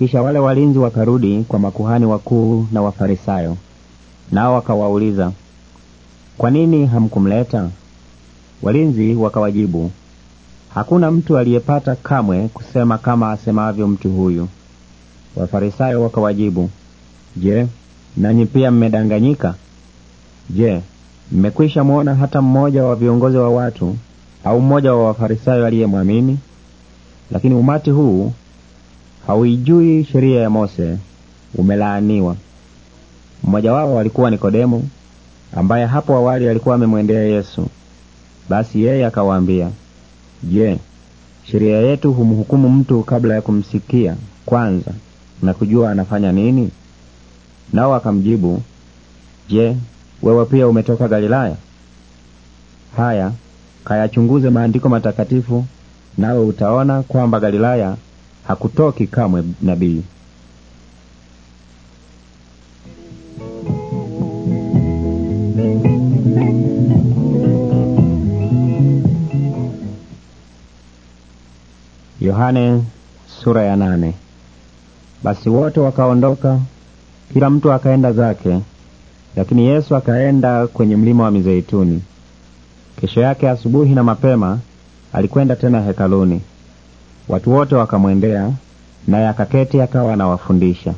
Kisha wale walinzi wakarudi kwa makuhani wakuu na Wafarisayo, nao wakawauliza, kwa nini hamkumleta? Walinzi wakawajibu, hakuna mtu aliyepata kamwe kusema kama asemavyo mtu huyu. Wafarisayo wakawajibu, je, nanyi pia mmedanganyika? Je, mmekwisha mwona hata mmoja wa viongozi wa watu au mmoja wa Wafarisayo aliyemwamini? Lakini umati huu hauijui sheria ya Mose, umelaaniwa. Mmoja wao alikuwa Nikodemo, ambaye hapo awali alikuwa amemwendea Yesu. Basi yeye akawaambia, Je, sheria yetu humhukumu mtu kabla ya kumsikia kwanza na kujua anafanya nini? Nao akamjibu, Je, wewe pia umetoka Galilaya? Haya, kayachunguze maandiko matakatifu, nawe utaona kwamba Galilaya hakutoki kamwe nabii Yohane sura ya nane. Basi wote wakaondoka kila mtu akaenda zake, lakini Yesu akaenda kwenye mlima wa Mizeituni. Kesho yake asubuhi na mapema alikwenda tena hekaluni, Watu wote wakamwendea, naye akaketi akawa anawafundisha.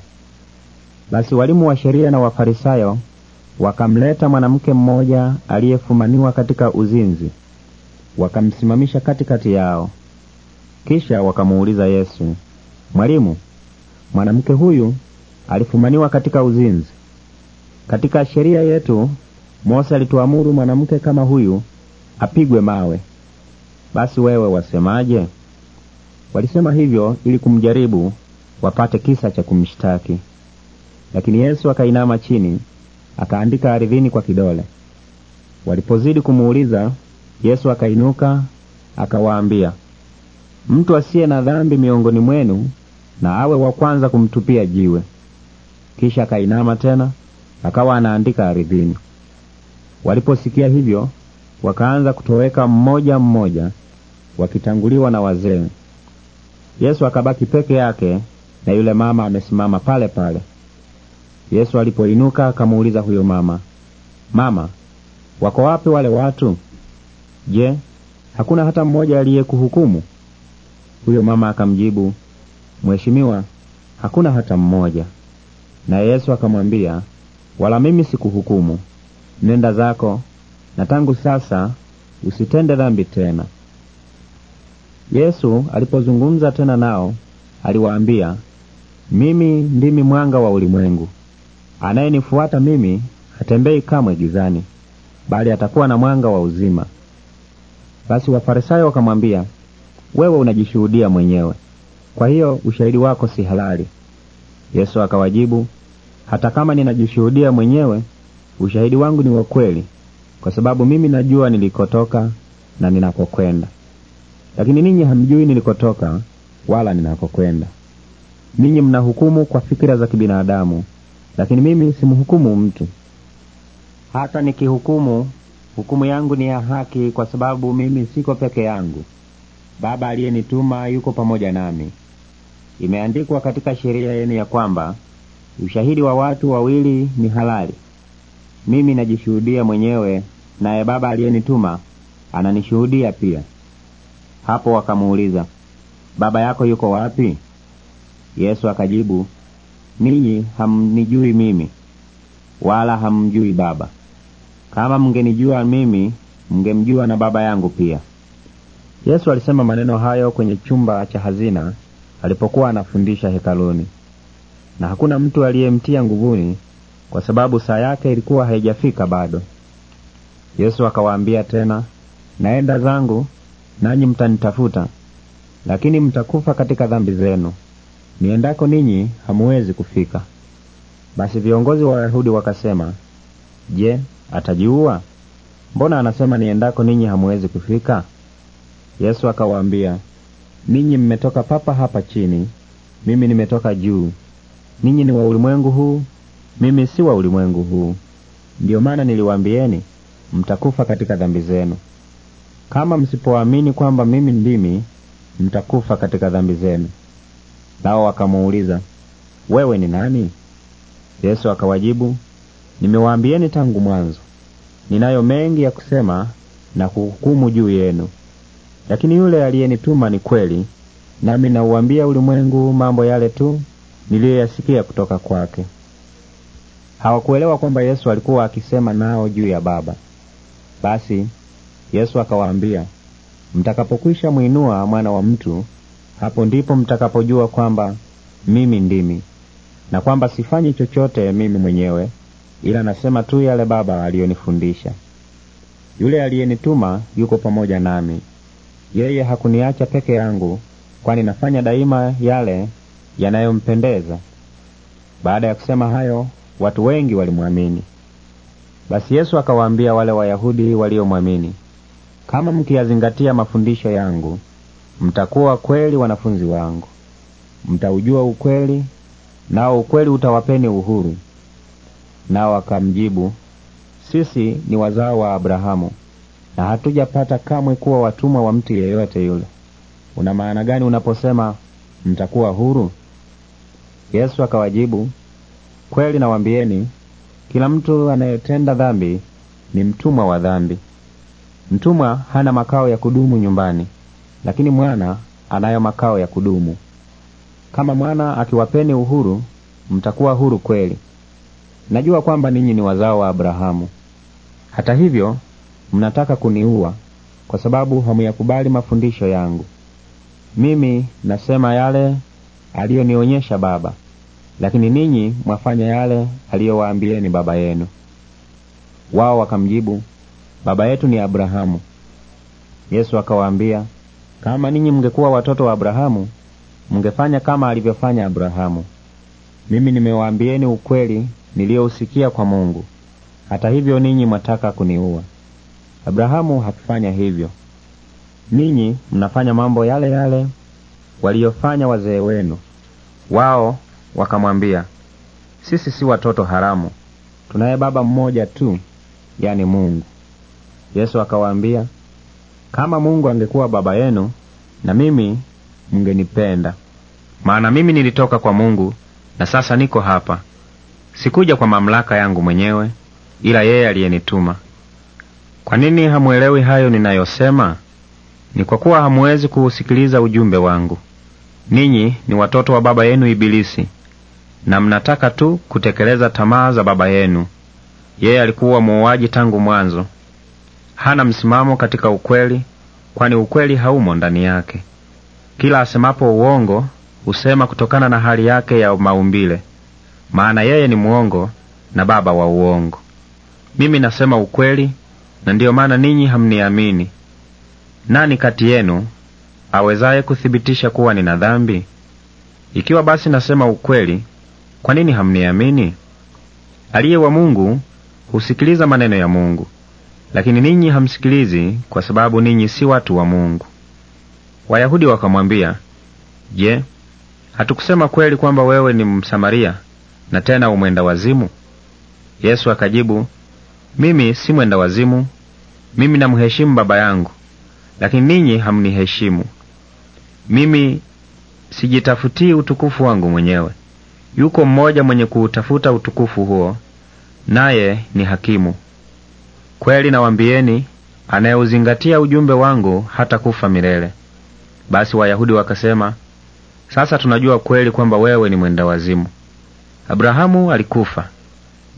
Basi walimu wa sheria na Wafarisayo wakamleta mwanamke mmoja aliyefumaniwa katika uzinzi, wakamsimamisha katikati yao. Kisha wakamuuliza Yesu, Mwalimu, mwanamke huyu alifumaniwa katika uzinzi. Katika sheria yetu Mose alituamuru mwanamke kama huyu apigwe mawe. Basi wewe wasemaje? Walisema hivyo ili kumjaribu wapate kisa cha kumshtaki. Lakini Yesu akainama chini akaandika ardhini kwa kidole. Walipozidi kumuuliza, Yesu akainuka akawaambia, mtu asiye na dhambi miongoni mwenu na awe wa kwanza kumtupia jiwe. Kisha akainama tena akawa anaandika ardhini. Waliposikia hivyo, wakaanza kutoweka mmoja mmoja, wakitanguliwa na wazee. Yesu akabaki peke yake na yule mama amesimama pale pale. Yesu alipoinuka akamuuliza huyo mama, mama, wako wapi wale watu? Je, hakuna hata mmoja aliyekuhukumu? Huyo mama akamjibu, Mheshimiwa, hakuna hata mmoja. Na Yesu akamwambia, wala mimi sikuhukumu. Nenda zako, na tangu sasa usitende dhambi tena. Yesu alipozungumza tena nao aliwaambia, mimi ndimi mwanga wa ulimwengu. Anayenifuata mimi hatembei kamwe gizani, bali atakuwa na mwanga wa uzima. Basi Wafarisayo wakamwambia, wewe unajishuhudia mwenyewe, kwa hiyo ushahidi wako si halali. Yesu akawajibu, hata kama ninajishuhudia mwenyewe, ushahidi wangu ni wa kweli, kwa sababu mimi najua nilikotoka na ninakokwenda lakini ninyi hamjui nilikotoka wala ninakokwenda. Ninyi mnahukumu kwa fikira za kibinadamu, lakini mimi simhukumu mtu. Hata nikihukumu, hukumu yangu ni ya haki, kwa sababu mimi siko peke yangu. Baba aliyenituma yuko pamoja nami. Imeandikwa katika sheria yenu ya kwamba ushahidi wa watu wawili ni halali. Mimi najishuhudia mwenyewe, naye Baba aliyenituma ananishuhudia pia. Hapo wakamuuliza, baba yako yuko wapi? Yesu akajibu, ninyi hamnijui mimi wala hamjui Baba. Kama mngenijua mimi, mngemjua na Baba yangu pia. Yesu alisema maneno hayo kwenye chumba cha hazina alipokuwa anafundisha hekaluni, na hakuna mtu aliyemtia nguvuni, kwa sababu saa yake ilikuwa haijafika bado. Yesu akawaambia tena, naenda zangu nanyi mtanitafuta, lakini mtakufa katika dhambi zenu. Niendako ninyi hamuwezi kufika. Basi viongozi wa Wayahudi wakasema, Je, atajiua? Mbona anasema niendako ninyi hamuwezi kufika? Yesu akawaambia, ninyi mmetoka papa hapa chini, mimi nimetoka juu. Ninyi ni wa ulimwengu huu, mimi si wa ulimwengu huu. Ndiyo maana niliwaambieni mtakufa katika dhambi zenu. Kama msipoamini kwamba mimi ndimi, mtakufa katika dhambi zenu. Nao wakamuuliza, wewe ni nani? Yesu akawajibu, nimewaambieni tangu mwanzo, ninayo mengi ya kusema na kuhukumu juu yenu, lakini yule aliyenituma ni kweli, nami nauambia ulimwengu mambo yale tu niliyoyasikia kutoka kwake. Hawakuelewa kwamba Yesu alikuwa akisema nao juu ya Baba. Basi Yesu akawaambia, mtakapokwisha mwinua mwana wa mtu, hapo ndipo mtakapojua kwamba mimi ndimi, na kwamba sifanyi chochote mimi mwenyewe, ila nasema tu yale Baba aliyonifundisha. Yule aliyenituma yuko pamoja nami, yeye hakuniacha peke yangu, kwani nafanya daima yale yanayompendeza. Baada ya kusema hayo, watu wengi walimwamini. Basi Yesu akawaambia wale Wayahudi waliomwamini, kama mkiyazingatia mafundisho yangu, mtakuwa kweli wanafunzi wangu, mtaujua ukweli, nao ukweli utawapeni uhuru. Nao akamjibu, sisi ni wazao wa Abrahamu na hatujapata kamwe kuwa watumwa wa mtu yeyote yule. Una maana gani unaposema mtakuwa huru? Yesu akawajibu, kweli nawaambieni, kila mtu anayetenda dhambi ni mtumwa wa dhambi. Mtumwa hana makao ya kudumu nyumbani, lakini mwana anayo makao ya kudumu. Kama mwana akiwapeni uhuru, mtakuwa huru kweli. Najua kwamba ninyi ni wazao wa Abrahamu. Hata hivyo, mnataka kuniua kwa sababu hamuyakubali mafundisho yangu. Mimi nasema yale aliyonionyesha Baba, lakini ninyi mwafanya yale aliyowaambieni baba yenu. Wao wakamjibu, baba yetu ni Abrahamu. Yesu akawaambia, kama ninyi mngekuwa watoto wa Abrahamu, mngefanya kama alivyofanya Abrahamu. Mimi nimewaambieni ukweli niliyousikia kwa Mungu. Hata hivyo ninyi mwataka kuniua. Abrahamu hakufanya hivyo. Ninyi mnafanya mambo yale yale waliyofanya wazee wenu. Wao wakamwambia, sisi si watoto haramu, tunaye baba mmoja tu, yani Mungu. Yesu akawaambia, kama Mungu angekuwa baba yenu, na mimi mngenipenda, maana mimi nilitoka kwa Mungu na sasa niko hapa. Sikuja kwa mamlaka yangu mwenyewe, ila yeye aliyenituma. Kwa nini hamuelewi hayo ninayosema? Ni kwa kuwa hamuwezi kuusikiliza ujumbe wangu. Ninyi ni watoto wa baba yenu Ibilisi, na mnataka tu kutekeleza tamaa za baba yenu. Yeye alikuwa muuaji tangu mwanzo, hana msimamo katika ukweli, kwani ukweli haumo ndani yake. Kila asemapo uongo husema kutokana na hali yake ya maumbile, maana yeye ni mwongo na baba wa uongo. Mimi nasema ukweli, na ndiyo maana ninyi hamniamini. Nani kati yenu awezaye kuthibitisha kuwa nina dhambi? Ikiwa basi nasema ukweli, kwa nini hamniamini? Aliye wa Mungu husikiliza maneno ya Mungu lakini ninyi hamsikilizi, kwa sababu ninyi si watu wa Mungu. Wayahudi wakamwambia, Je, hatukusema kweli kwamba wewe ni Msamaria na tena umwenda wazimu? Yesu akajibu, mimi si mwenda wazimu, mimi namheshimu Baba yangu, lakini ninyi hamniheshimu mimi. Sijitafutii utukufu wangu mwenyewe, yuko mmoja mwenye kuutafuta utukufu huo, naye ni hakimu. Kweli nawambieni, anayeuzingatia ujumbe wangu hata kufa milele. Basi Wayahudi wakasema, sasa tunajua kweli kwamba wewe ni mwenda wazimu. Abrahamu alikufa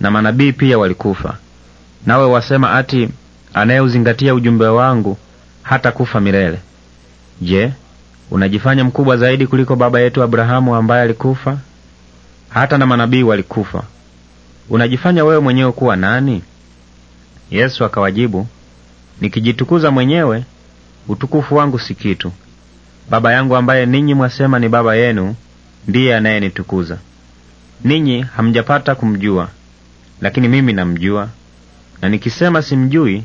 na manabii pia walikufa, nawe wasema ati anayeuzingatia ujumbe wangu hata kufa milele. Je, unajifanya mkubwa zaidi kuliko baba yetu Abrahamu ambaye alikufa? Hata na manabii walikufa. Unajifanya wewe mwenyewe kuwa nani? Yesu akawajibu, nikijitukuza mwenyewe, utukufu wangu si kitu. Baba yangu ambaye ninyi mwasema ni baba yenu ndiye anayenitukuza. Ninyi hamjapata kumjua, lakini mimi namjua, na nikisema simjui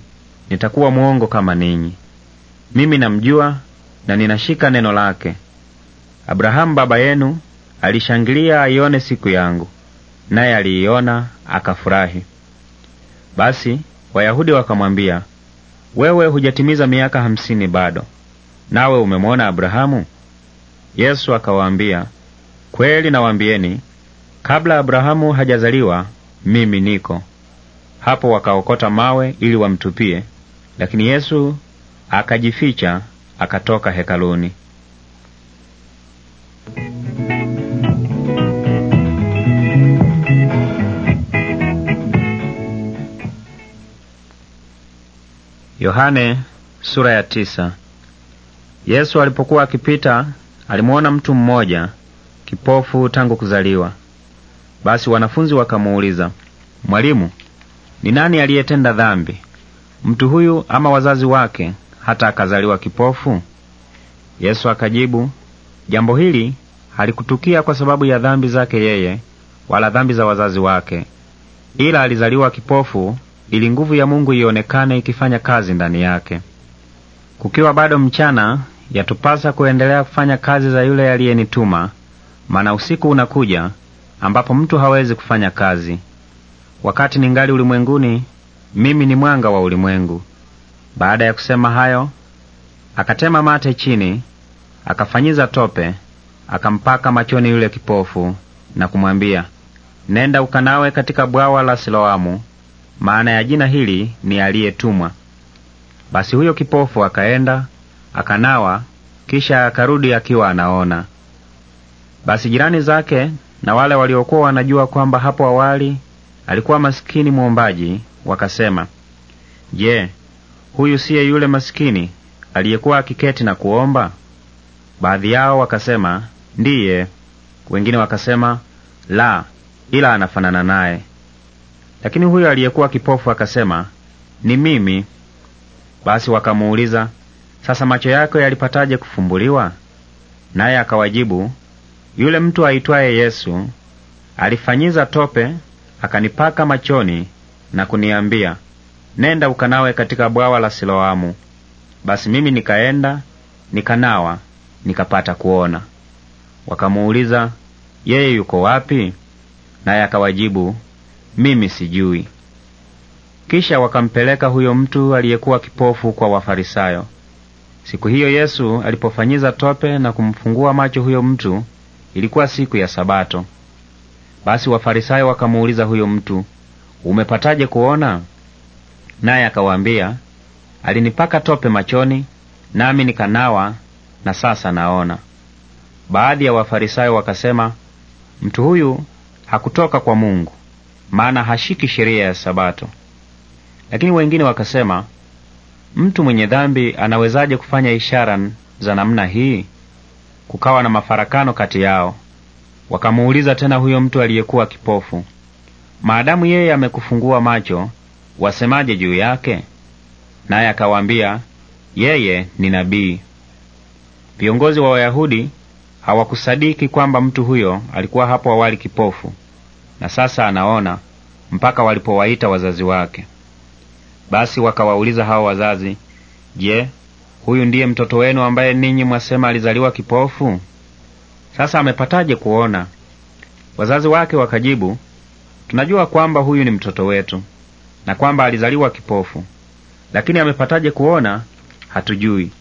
nitakuwa mwongo kama ninyi. Mimi namjua na ninashika neno lake. Abrahamu baba yenu alishangilia aione siku yangu, naye aliiona akafurahi. Basi Wayahudi wakamwambia, wewe hujatimiza miaka hamsini bado, nawe umemwona Abrahamu? Yesu akawaambia, kweli nawaambieni, kabla Abrahamu hajazaliwa mimi niko. Hapo wakaokota mawe ili wamtupie, lakini Yesu akajificha akatoka hekaluni. Yohane sura ya tisa. Yesu alipokuwa akipita alimuona mtu mmoja kipofu tangu kuzaliwa. Basi wanafunzi wakamuuliza, Mwalimu, ni nani aliyetenda dhambi, mtu huyu ama wazazi wake, hata akazaliwa kipofu? Yesu akajibu, jambo hili halikutukia kwa sababu ya dhambi zake yeye, wala dhambi za wazazi wake, ila alizaliwa kipofu ili nguvu ya Mungu ionekane ikifanya kazi ndani yake. Kukiwa bado mchana, yatupasa kuendelea kufanya kazi za yule aliyenituma, maana usiku unakuja ambapo mtu hawezi kufanya kazi. Wakati ningali ulimwenguni, mimi ni mwanga wa ulimwengu. Baada ya kusema hayo, akatema mate chini, akafanyiza tope, akampaka machoni yule kipofu na kumwambia, nenda ukanawe katika bwawa la Siloamu, maana ya jina hili ni aliyetumwa. Basi huyo kipofu akaenda akanawa, kisha akarudi akiwa anaona. Basi jirani zake na wale waliokuwa wanajua kwamba hapo awali alikuwa masikini mwombaji wakasema, Je, huyu siye yule masikini aliyekuwa akiketi na kuomba? Baadhi yao wakasema ndiye, wengine wakasema la, ila anafanana naye. Lakini huyo aliyekuwa kipofu akasema, ni mimi. Basi wakamuuliza, sasa macho yako yalipataje kufumbuliwa? Naye akawajibu, yule mtu aitwaye Yesu alifanyiza tope akanipaka machoni na kuniambia, nenda ukanawe katika bwawa la Siloamu. Basi mimi nikaenda nikanawa, nikapata kuona. Wakamuuliza, yeye yuko wapi? Naye akawajibu, mimi sijui. Kisha wakampeleka huyo mtu aliyekuwa kipofu kwa Wafarisayo. Siku hiyo Yesu alipofanyiza tope na kumfungua macho huyo mtu, ilikuwa siku ya Sabato. Basi Wafarisayo wakamuuliza huyo mtu, umepataje kuona? Naye akawaambia, alinipaka tope machoni, nami nikanawa, na sasa naona. Baadhi ya Wafarisayo wakasema, mtu huyu hakutoka kwa Mungu, maana hashiki sheria ya Sabato. Lakini wengine wakasema, mtu mwenye dhambi anawezaje kufanya ishara za namna hii? Kukawa na mafarakano kati yao. Wakamuuliza tena huyo mtu aliyekuwa kipofu, maadamu yeye amekufungua macho, wasemaje juu yake? Naye akawambia akawaambia, yeye ni nabii. Viongozi wa Wayahudi hawakusadiki kwamba mtu huyo alikuwa hapo awali kipofu, na sasa anaona mpaka walipowaita wazazi wake. Basi wakawauliza hao wazazi, Je, huyu ndiye mtoto wenu ambaye ninyi mwasema alizaliwa kipofu? Sasa amepataje kuona? Wazazi wake wakajibu, tunajua kwamba huyu ni mtoto wetu na kwamba alizaliwa kipofu, lakini amepataje kuona hatujui,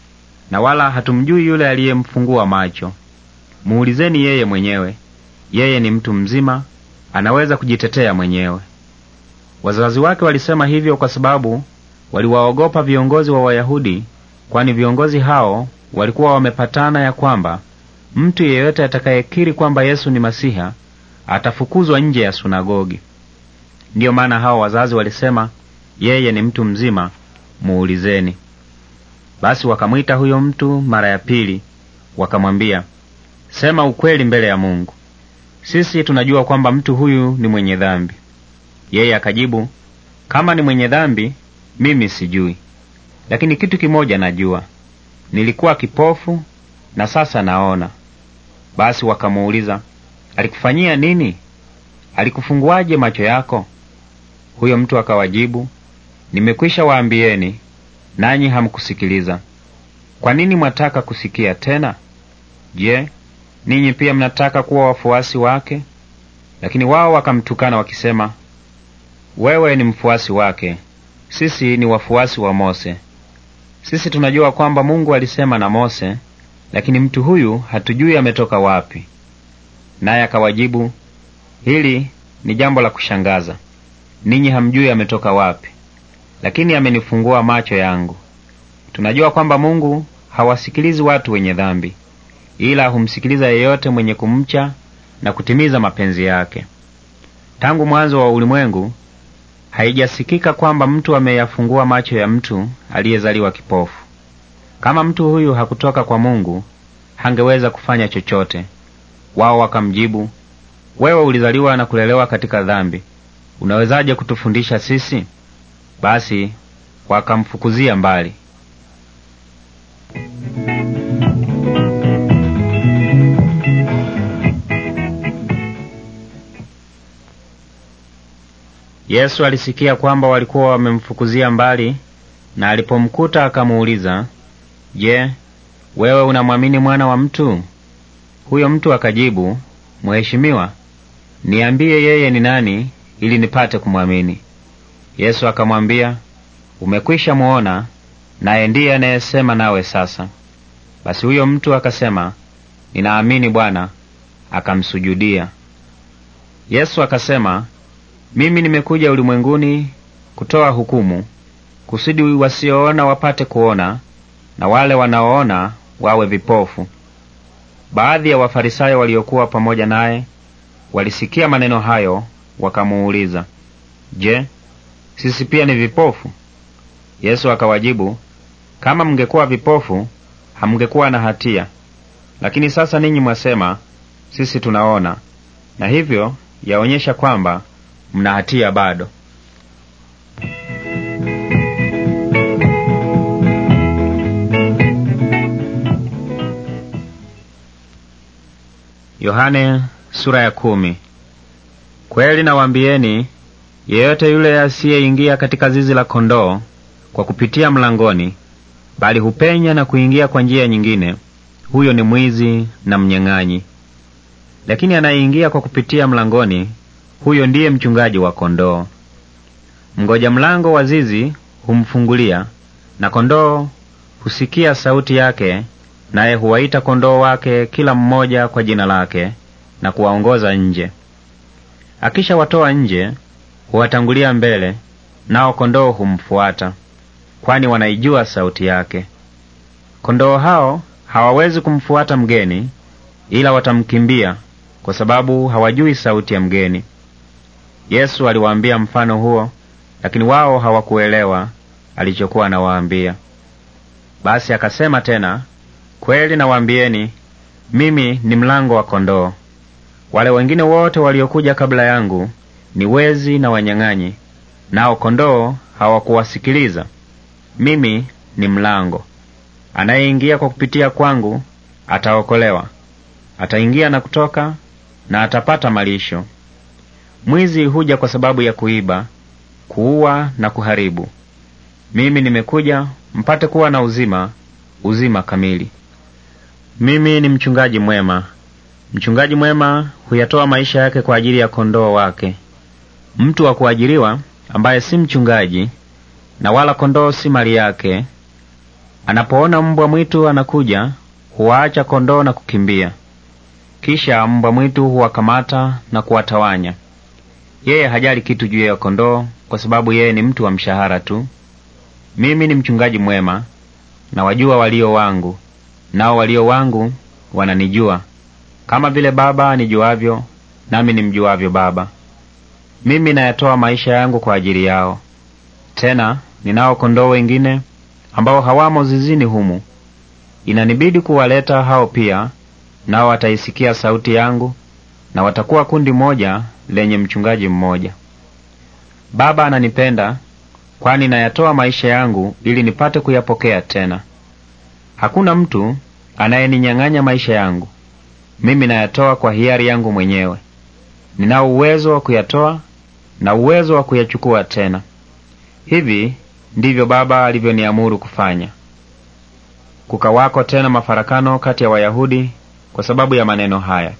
na wala hatumjui yule aliyemfungua macho. Muulizeni yeye mwenyewe, yeye ni mtu mzima anaweza kujitetea mwenyewe. Wazazi wake walisema hivyo kwa sababu waliwaogopa viongozi wa Wayahudi, kwani viongozi hao walikuwa wamepatana ya kwamba mtu yeyote atakayekiri kwamba Yesu ni Masiha atafukuzwa nje ya sunagogi. Ndiyo maana hao wazazi walisema, yeye ni mtu mzima, muulizeni. Basi wakamwita huyo mtu mara ya pili, wakamwambia, sema ukweli mbele ya Mungu sisi tunajua kwamba mtu huyu ni mwenye dhambi. Yeye akajibu, kama ni mwenye dhambi mimi sijui, lakini kitu kimoja najua, nilikuwa kipofu na sasa naona. Basi wakamuuliza, alikufanyia nini? Alikufunguaje macho yako? Huyo mtu akawajibu, nimekwisha waambieni, nanyi hamkusikiliza. Kwa nini mwataka kusikia tena? Je, ninyi pia mnataka kuwa wafuasi wake? Lakini wao wakamtukana wakisema, wewe ni mfuasi wake, sisi ni wafuasi wa Mose. Sisi tunajua kwamba Mungu alisema na Mose, lakini mtu huyu hatujui ametoka wapi. Naye akawajibu, hili ni jambo la kushangaza. Ninyi hamjui ametoka wapi, lakini amenifungua macho yangu. Tunajua kwamba Mungu hawasikilizi watu wenye dhambi ila humsikiliza yeyote mwenye kumcha na kutimiza mapenzi yake. Tangu mwanzo wa ulimwengu haijasikika kwamba mtu ameyafungua macho ya mtu aliyezaliwa kipofu. Kama mtu huyu hakutoka kwa Mungu, hangeweza kufanya chochote. Wao wakamjibu, wewe ulizaliwa na kulelewa katika dhambi, unawezaje kutufundisha sisi? Basi wakamfukuzia mbali. Yesu alisikia kwamba walikuwa wamemfukuzia mbali, na alipomkuta akamuuliza, Je, wewe unamwamini mwana wa mtu? Huyo mtu akajibu, Mheshimiwa, niambie yeye ni nani ili nipate kumwamini. Yesu akamwambia, umekwisha muona, naye ndiye anayesema nawe sasa. Basi huyo mtu akasema, ninaamini Bwana, akamsujudia. Yesu akasema, mimi nimekuja ulimwenguni kutoa hukumu, kusudi wasioona wapate kuona na wale wanaoona wawe vipofu. Baadhi ya Wafarisayo waliokuwa pamoja naye walisikia maneno hayo, wakamuuliza, Je, sisi pia ni vipofu? Yesu akawajibu, kama mngekuwa vipofu hamngekuwa na hatia, lakini sasa ninyi mwasema sisi tunaona, na hivyo yaonyesha kwamba mna hatia bado Yohane sura ya kumi. Kweli nawaambieni, yeyote yule asiyeingia katika zizi la kondoo kwa kupitia mlangoni, bali hupenya na kuingia kwa njia nyingine, huyo ni mwizi na mnyang'anyi. Lakini anayeingia kwa kupitia mlangoni huyo ndiye mchungaji wa kondoo. Mgoja mlango wa zizi humfungulia, na kondoo husikia sauti yake, naye huwaita kondoo wake kila mmoja kwa jina lake na kuwaongoza nje. akisha watoa nje, huwatangulia mbele, nao kondoo humfuata, kwani wanaijua sauti yake. Kondoo hao hawawezi kumfuata mgeni, ila watamkimbia, kwa sababu hawajui sauti ya mgeni. Yesu aliwaambia mfano huo, lakini wao hawakuelewa alichokuwa anawaambia. Basi akasema tena, kweli nawaambieni, mimi ni mlango wa kondoo. Wale wengine wote waliokuja kabla yangu ni wezi na wanyang'anyi, nao kondoo hawakuwasikiliza. Mimi ni mlango. Anayeingia kwa kupitia kwangu ataokolewa, ataingia na kutoka na atapata malisho. Mwizi huja kwa sababu ya kuiba, kuua na kuharibu. Mimi nimekuja mpate kuwa na uzima, uzima kamili. Mimi ni mchungaji mwema. Mchungaji mwema huyatoa maisha yake kwa ajili ya kondoo wake. Mtu wa kuajiriwa ambaye si mchungaji na wala kondoo si mali yake, anapoona mbwa mwitu anakuja, huwaacha kondoo na kukimbia. Kisha mbwa mwitu huwakamata na kuwatawanya. Yeye hajali kitu juu ya kondoo, kwa sababu yeye ni mtu wa mshahara tu. Mimi ni mchungaji mwema, na wajua walio wangu, nao walio wangu wananijua, kama vile Baba nijuavyo, nami nimjuavyo Baba. Mimi nayatoa maisha yangu kwa ajili yao. Tena ninao kondoo wengine ambao hawamo zizini humu, inanibidi kuwaleta hao pia, nao wataisikia sauti yangu, na watakuwa kundi moja lenye mchungaji mmoja. Baba ananipenda, kwani nayatoa maisha yangu ili nipate kuyapokea tena. Hakuna mtu anayeninyang'anya maisha yangu, mimi nayatoa kwa hiari yangu mwenyewe. Nina uwezo wa kuyatoa na uwezo wa kuyachukua tena. Hivi ndivyo Baba alivyoniamuru kufanya. Kukawako tena mafarakano kati ya Wayahudi kwa sababu ya maneno haya.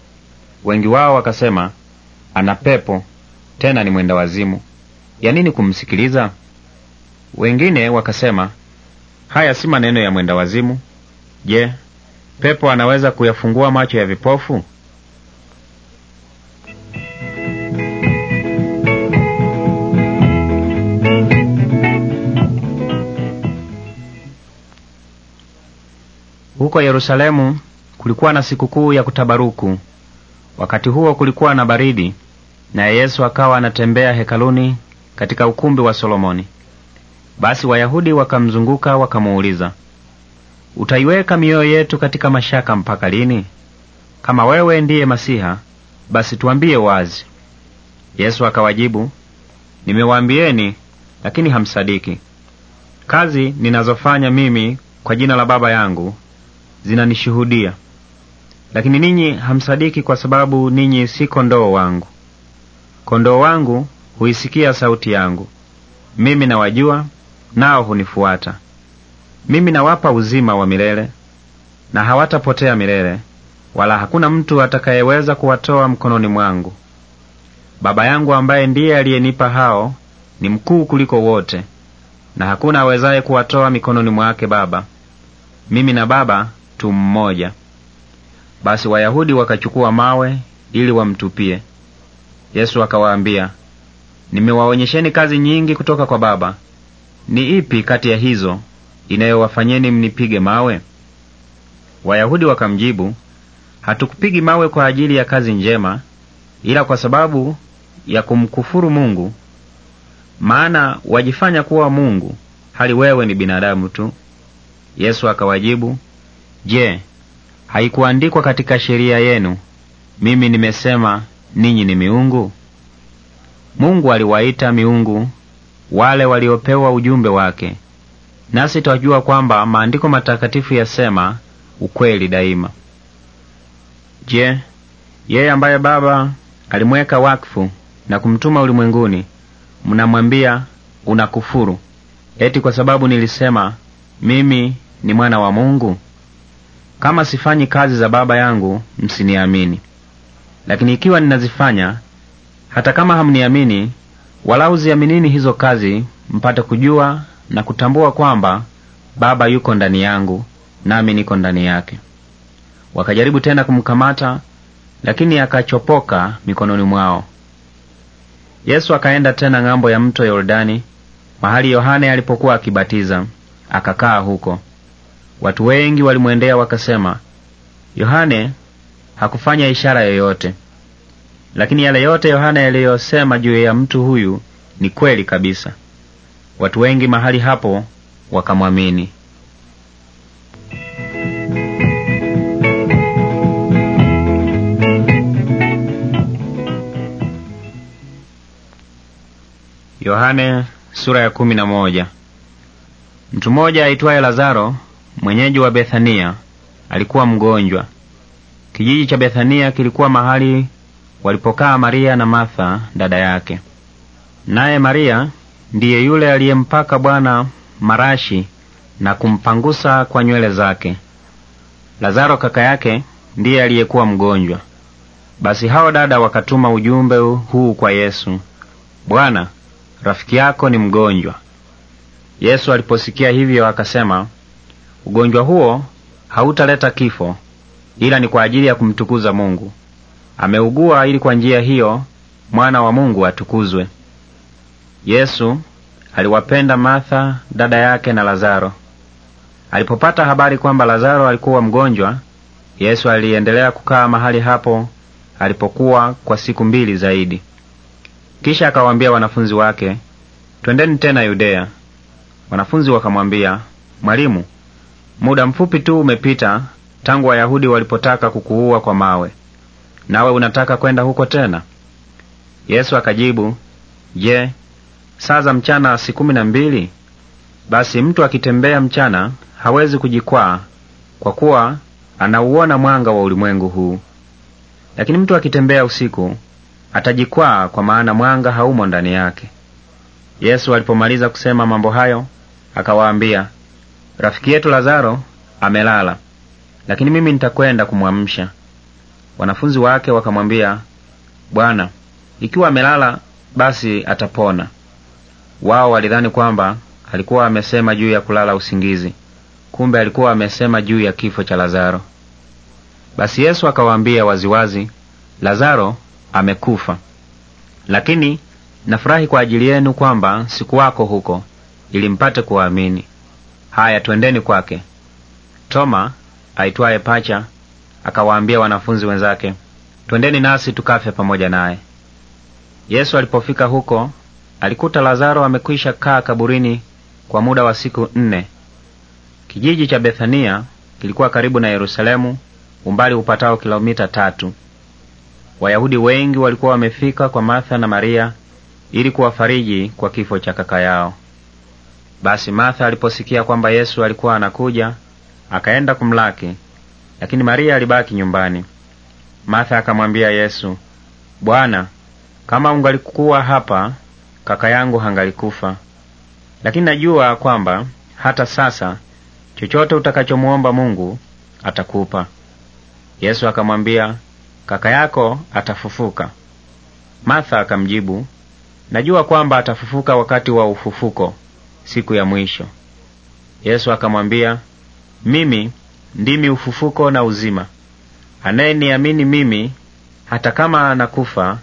Wengi wao wakasema, ana pepo tena ni mwenda wazimu, ya nini kumsikiliza? Wengine wakasema, haya si maneno ya mwenda wazimu. Je, pepo anaweza kuyafungua macho ya vipofu? Huko Yerusalemu kulikuwa na sikukuu ya kutabaruku. Wakati huo kulikuwa na baridi, naye Yesu akawa anatembea hekaluni katika ukumbi wa Solomoni. Basi Wayahudi wakamzunguka wakamuuliza, utaiweka mioyo yetu katika mashaka mpaka lini? Kama wewe ndiye Masiha, basi tuambie wazi. Yesu akawajibu, nimewaambieni, lakini hamsadiki. Kazi ninazofanya mimi kwa jina la Baba yangu zinanishuhudia lakini ninyi hamsadiki kwa sababu ninyi si kondoo wangu. Kondoo wangu huisikia sauti yangu, mimi nawajua, nao hunifuata. Mimi nawapa uzima wa milele, na hawatapotea milele, wala hakuna mtu atakayeweza kuwatoa mkononi mwangu. Baba yangu ambaye ndiye aliyenipa hao ni mkuu kuliko wote, na hakuna awezaye kuwatoa mikononi mwake Baba. Mimi na Baba tu mmoja. Basi Wayahudi wakachukua mawe ili wamtupie. Yesu akawaambia, nimewaonyesheni kazi nyingi kutoka kwa Baba. Ni ipi kati ya hizo inayowafanyeni mnipige mawe? Wayahudi wakamjibu, hatukupigi mawe kwa ajili ya kazi njema, ila kwa sababu ya kumkufuru Mungu, maana wajifanya kuwa Mungu hali wewe ni binadamu tu. Yesu akawajibu, Je, haikuandikwa katika sheria yenu, mimi nimesema ninyi ni miungu? Mungu aliwaita miungu wale waliopewa ujumbe wake, nasi twajua kwamba maandiko matakatifu yasema ukweli daima. Je, yeye ambaye Baba alimweka wakfu na kumtuma ulimwenguni, mnamwambia unakufuru, eti kwa sababu nilisema mimi ni mwana wa Mungu? Kama sifanyi kazi za Baba yangu, msiniamini. Lakini ikiwa ninazifanya, hata kama hamniamini, walau ziaminini hizo kazi, mpate kujua na kutambua kwamba Baba yuko ndani yangu, nami niko ndani yake. Wakajaribu tena kumkamata, lakini akachopoka mikononi mwao. Yesu akaenda tena ng'ambo ya mto Yordani, mahali Yohane alipokuwa akibatiza, akakaa huko. Watu wengi walimwendea wakasema, Yohane hakufanya ishara yoyote, lakini yale yote Yohane yaliyosema juu ya mtu huyu ni kweli kabisa. Watu wengi mahali hapo wakamwamini. Yohane sura ya kumi na moja. Mtu mmoja aitwaye Lazaro mwenyeji wa Bethania, alikuwa mgonjwa. Kijiji cha Bethania kilikuwa mahali walipokaa Maria na Martha dada yake. Naye Maria ndiye yule aliyempaka Bwana marashi na kumpangusa kwa nywele zake. Lazaro kaka yake ndiye aliyekuwa mgonjwa. Basi hao dada wakatuma ujumbe huu kwa Yesu, Bwana, rafiki yako ni mgonjwa. Yesu aliposikia hivyo akasema, Ugonjwa huo hautaleta kifo, ila ni kwa ajili ya kumtukuza Mungu. Ameugua ili kwa njia hiyo mwana wa Mungu atukuzwe. Yesu aliwapenda Martha, dada yake na Lazaro. Alipopata habari kwamba Lazaro alikuwa mgonjwa, Yesu aliendelea kukaa mahali hapo alipokuwa kwa siku mbili zaidi. Kisha akawaambia wanafunzi wake, twendeni tena Yudeya. Wanafunzi wakamwambia, Mwalimu, Muda mfupi tu umepita tangu Wayahudi walipotaka kukuua kwa mawe, nawe unataka kwenda huko tena? Yesu akajibu, Je, saa za mchana si kumi na mbili? Basi mtu akitembea mchana hawezi kujikwaa, kwa kuwa anauona mwanga wa ulimwengu huu. Lakini mtu akitembea usiku atajikwaa, kwa maana mwanga haumo ndani yake. Yesu alipomaliza kusema mambo hayo, akawaambia, Rafiki yetu Lazaro amelala, lakini mimi nitakwenda kumwamsha. Wanafunzi wake wakamwambia, Bwana, ikiwa amelala basi atapona. Wao walidhani kwamba alikuwa amesema juu ya kulala usingizi, kumbe alikuwa amesema juu ya kifo cha Lazaro. Basi Yesu akawaambia waziwazi, Lazaro amekufa, lakini nafurahi kwa ajili yenu kwamba sikuwako huko, ili mpate kuwaamini. Haya, twendeni kwake. Toma aitwaye Pacha akawaambia wanafunzi wenzake, twendeni nasi tukafe pamoja naye. Yesu alipofika huko, alikuta Lazaro amekwisha kaa kaburini kwa muda wa siku nne. Kijiji cha Bethania kilikuwa karibu na Yerusalemu, umbali upatao kilomita tatu. Wayahudi wengi walikuwa wamefika kwa Martha na Maria ili kuwafariji kwa kifo cha kaka yao. Basi Martha aliposikia kwamba Yesu alikuwa anakuja, akaenda kumlaki, lakini Maria alibaki nyumbani. Martha akamwambia Yesu, Bwana, kama ungalikuwa hapa, kaka yangu hangalikufa. Lakini najua kwamba hata sasa chochote utakachomuomba Mungu atakupa. Yesu akamwambia, kaka yako atafufuka. Martha akamjibu, najua kwamba atafufuka wakati wa ufufuko siku ya mwisho. Yesu akamwambia, mimi ndimi ufufuko na uzima. Anayeniamini mimi, hata kama anakufa,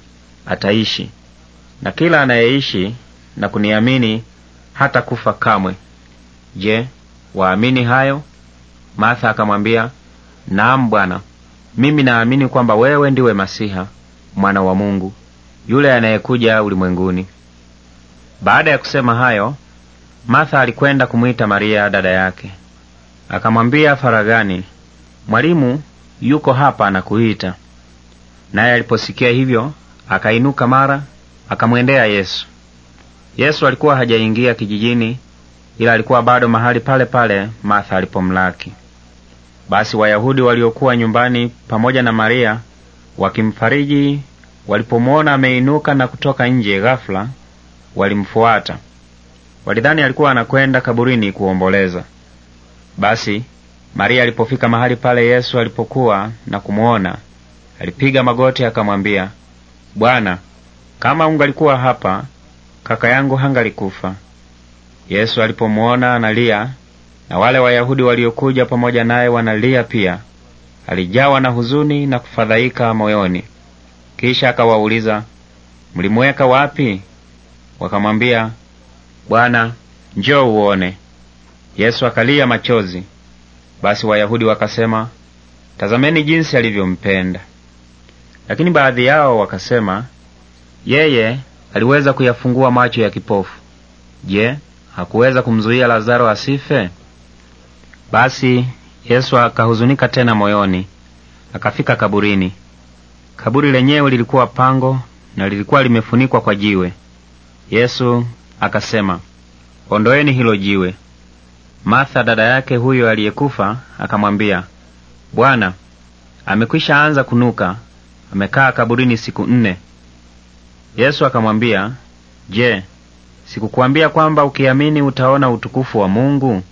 ataishi, na kila anayeishi na kuniamini hata kufa kamwe. Je, waamini hayo? Martha akamwambia, naam Bwana, mimi naamini kwamba wewe ndiwe Masiha mwana wa Mungu, yule anayekuja ulimwenguni. Baada ya kusema hayo Martha alikwenda kumwita Maria dada yake, akamwambia faragani, mwalimu yuko hapa kuita. Naye aliposikia hivyo, akainuka mara akamwendea Yesu. Yesu alikuwa hajaingia kijijini, ila alikuwa bado mahali pale pale Martha alipomlaki. Basi Wayahudi waliokuwa nyumbani pamoja na Maria wakimfariji, walipomwona ameinuka na kutoka nje ghafula, walimfuata. Walidhani alikuwa anakwenda kaburini kuomboleza. Basi Maria alipofika mahali pale Yesu alipokuwa na kumwona, alipiga magoti akamwambia, Bwana, kama ungalikuwa hapa, kaka yangu hangalikufa. Yesu alipomwona analia na wale Wayahudi waliokuja pamoja naye wanalia pia, alijawa na huzuni na kufadhaika moyoni. Kisha akawauliza, mlimuweka wapi? Wakamwambia, Bwana, njoo uone. Yesu akalia machozi. Basi Wayahudi wakasema, tazameni jinsi alivyompenda. Lakini baadhi yao wakasema, yeye aliweza kuyafungua macho ya kipofu. Je, hakuweza kumzuia Lazaro asife? Basi Yesu akahuzunika tena moyoni, akafika kaburini. Kaburi lenyewe lilikuwa pango na lilikuwa limefunikwa kwa jiwe. Yesu akasema, ondoeni hilo jiwe. Martha dada yake huyo aliyekufa akamwambia, Bwana, amekwisha anza kunuka, amekaa kaburini siku nne. Yesu akamwambia, Je, sikukuambia kwamba ukiamini utaona utukufu wa Mungu?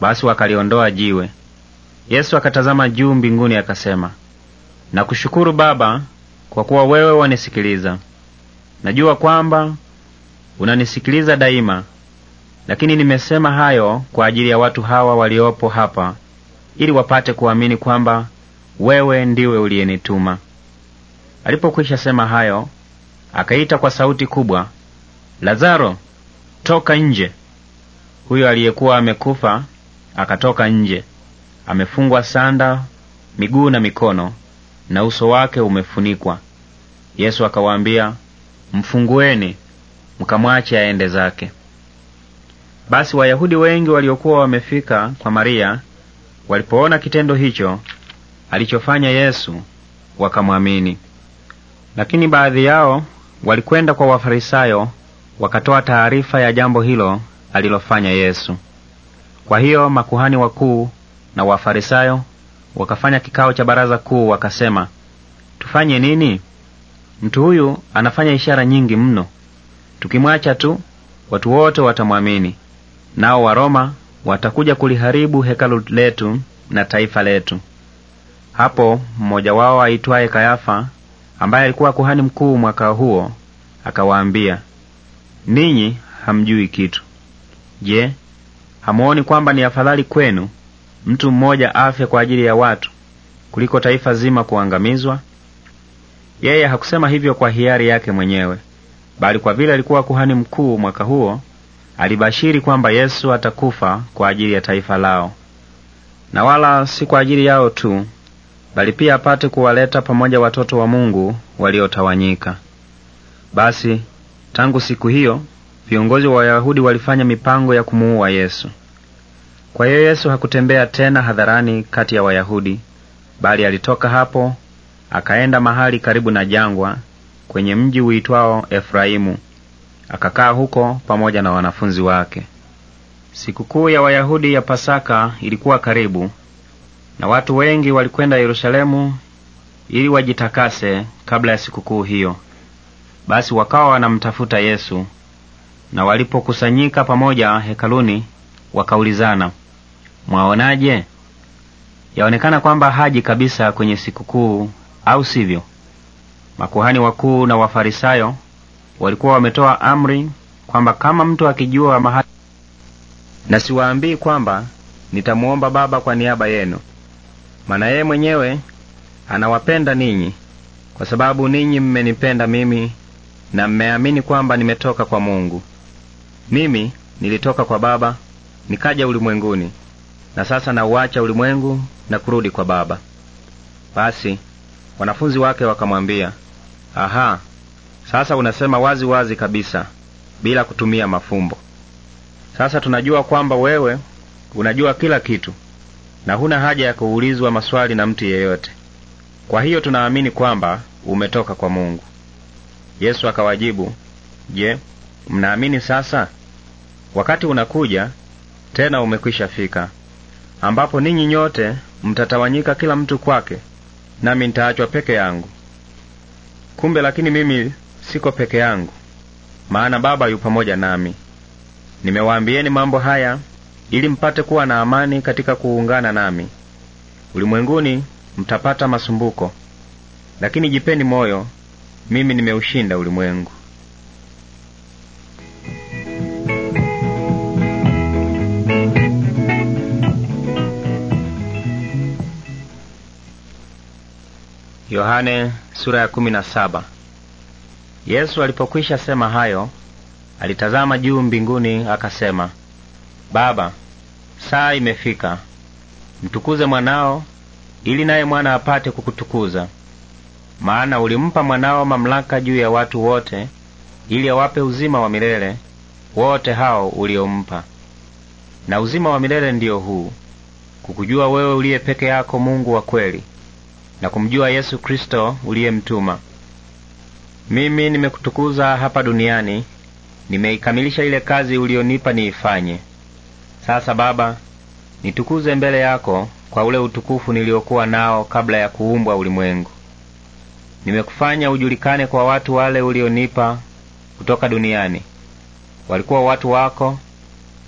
Basi wakaliondoa jiwe. Yesu akatazama juu mbinguni akasema, nakushukuru Baba, kwa kuwa wewe wanisikiliza. Najua kwamba unanisikiliza daima, lakini nimesema hayo kwa ajili ya watu hawa waliopo hapa, ili wapate kuamini kwamba wewe ndiwe uliyenituma. Alipokwisha sema hayo, akaita kwa sauti kubwa, Lazaro, toka nje! Huyo aliyekuwa amekufa akatoka nje, amefungwa sanda miguu na mikono, na uso wake umefunikwa. Yesu akawaambia, mfungueni mkamwache aende zake. Basi Wayahudi wengi waliokuwa wamefika kwa Maria walipoona kitendo hicho alichofanya Yesu wakamwamini. Lakini baadhi yao walikwenda kwa Wafarisayo wakatoa taarifa ya jambo hilo alilofanya Yesu. Kwa hiyo makuhani wakuu na Wafarisayo wakafanya kikao cha baraza kuu, wakasema, tufanye nini? Mtu huyu anafanya ishara nyingi mno. Tukimwacha tu watu wote watamwamini, nao Waroma watakuja kuliharibu hekalu letu na taifa letu. Hapo mmoja wao aitwaye Kayafa, ambaye alikuwa kuhani mkuu mwaka huo, akawaambia, ninyi hamjui kitu. Je, hamuoni kwamba ni afadhali kwenu mtu mmoja afe kwa ajili ya watu kuliko taifa zima kuangamizwa? Yeye hakusema hivyo kwa hiari yake mwenyewe, Bali kwa vile alikuwa kuhani mkuu mwaka huo, alibashiri kwamba Yesu atakufa kwa ajili ya taifa lao, na wala si kwa ajili yao tu, bali pia apate kuwaleta pamoja watoto wa Mungu waliotawanyika. Basi tangu siku hiyo viongozi wa Wayahudi walifanya mipango ya kumuua Yesu. Kwa hiyo Yesu hakutembea tena hadharani kati ya Wayahudi, bali alitoka hapo akaenda mahali karibu na jangwa kwenye mji uitwao Efraimu, akakaa huko pamoja na wanafunzi wake. Sikukuu ya Wayahudi ya Pasaka ilikuwa karibu, na watu wengi walikwenda Yerusalemu ili wajitakase kabla ya sikukuu hiyo. Basi wakawa wanamtafuta Yesu, na walipokusanyika pamoja hekaluni, wakaulizana, mwaonaje? Yaonekana kwamba haji kabisa kwenye sikukuu, au sivyo? Makuhani wakuu na Wafarisayo walikuwa wametoa amri kwamba kama mtu akijua mahali, na siwaambii kwamba nitamuomba Baba kwa niaba yenu, maana yeye mwenyewe anawapenda ninyi, kwa sababu ninyi mmenipenda mimi na mmeamini kwamba nimetoka kwa Mungu. Mimi nilitoka kwa Baba nikaja ulimwenguni, na sasa nauacha ulimwengu na kurudi kwa Baba. Basi Wanafunzi wake wakamwambia, aha, sasa unasema wazi wazi kabisa bila kutumia mafumbo. Sasa tunajua kwamba wewe unajua kila kitu na huna haja ya kuulizwa maswali na mtu yeyote. Kwa hiyo tunaamini kwamba umetoka kwa Mungu. Yesu akawajibu, Je, mnaamini sasa? Wakati unakuja tena umekwisha fika, ambapo ninyi nyote mtatawanyika kila mtu kwake nami nitaachwa peke yangu. Kumbe lakini mimi siko peke yangu, maana Baba yu pamoja nami. Nimewaambieni mambo haya ili mpate kuwa na amani katika kuungana nami. Ulimwenguni mtapata masumbuko, lakini jipeni moyo, mimi nimeushinda ulimwengu. Yohane, sura ya kumi na saba. Yesu alipokwisha sema hayo, alitazama juu mbinguni akasema, Baba, saa imefika, mtukuze mwanao, ili naye mwana apate kukutukuza. Maana ulimpa mwanao mamlaka juu ya watu wote, ili awape uzima wa milele wote hao uliompa. Na uzima wa milele ndiyo huu, kukujua wewe uliye peke yako Mungu wa kweli na kumjua Yesu Kristo uliyemtuma. Mimi nimekutukuza hapa duniani, nimeikamilisha ile kazi ulionipa niifanye. Sasa Baba, nitukuze mbele yako kwa ule utukufu niliokuwa nao kabla ya kuumbwa ulimwengu. Nimekufanya ujulikane kwa watu wale ulionipa kutoka duniani. Walikuwa watu wako,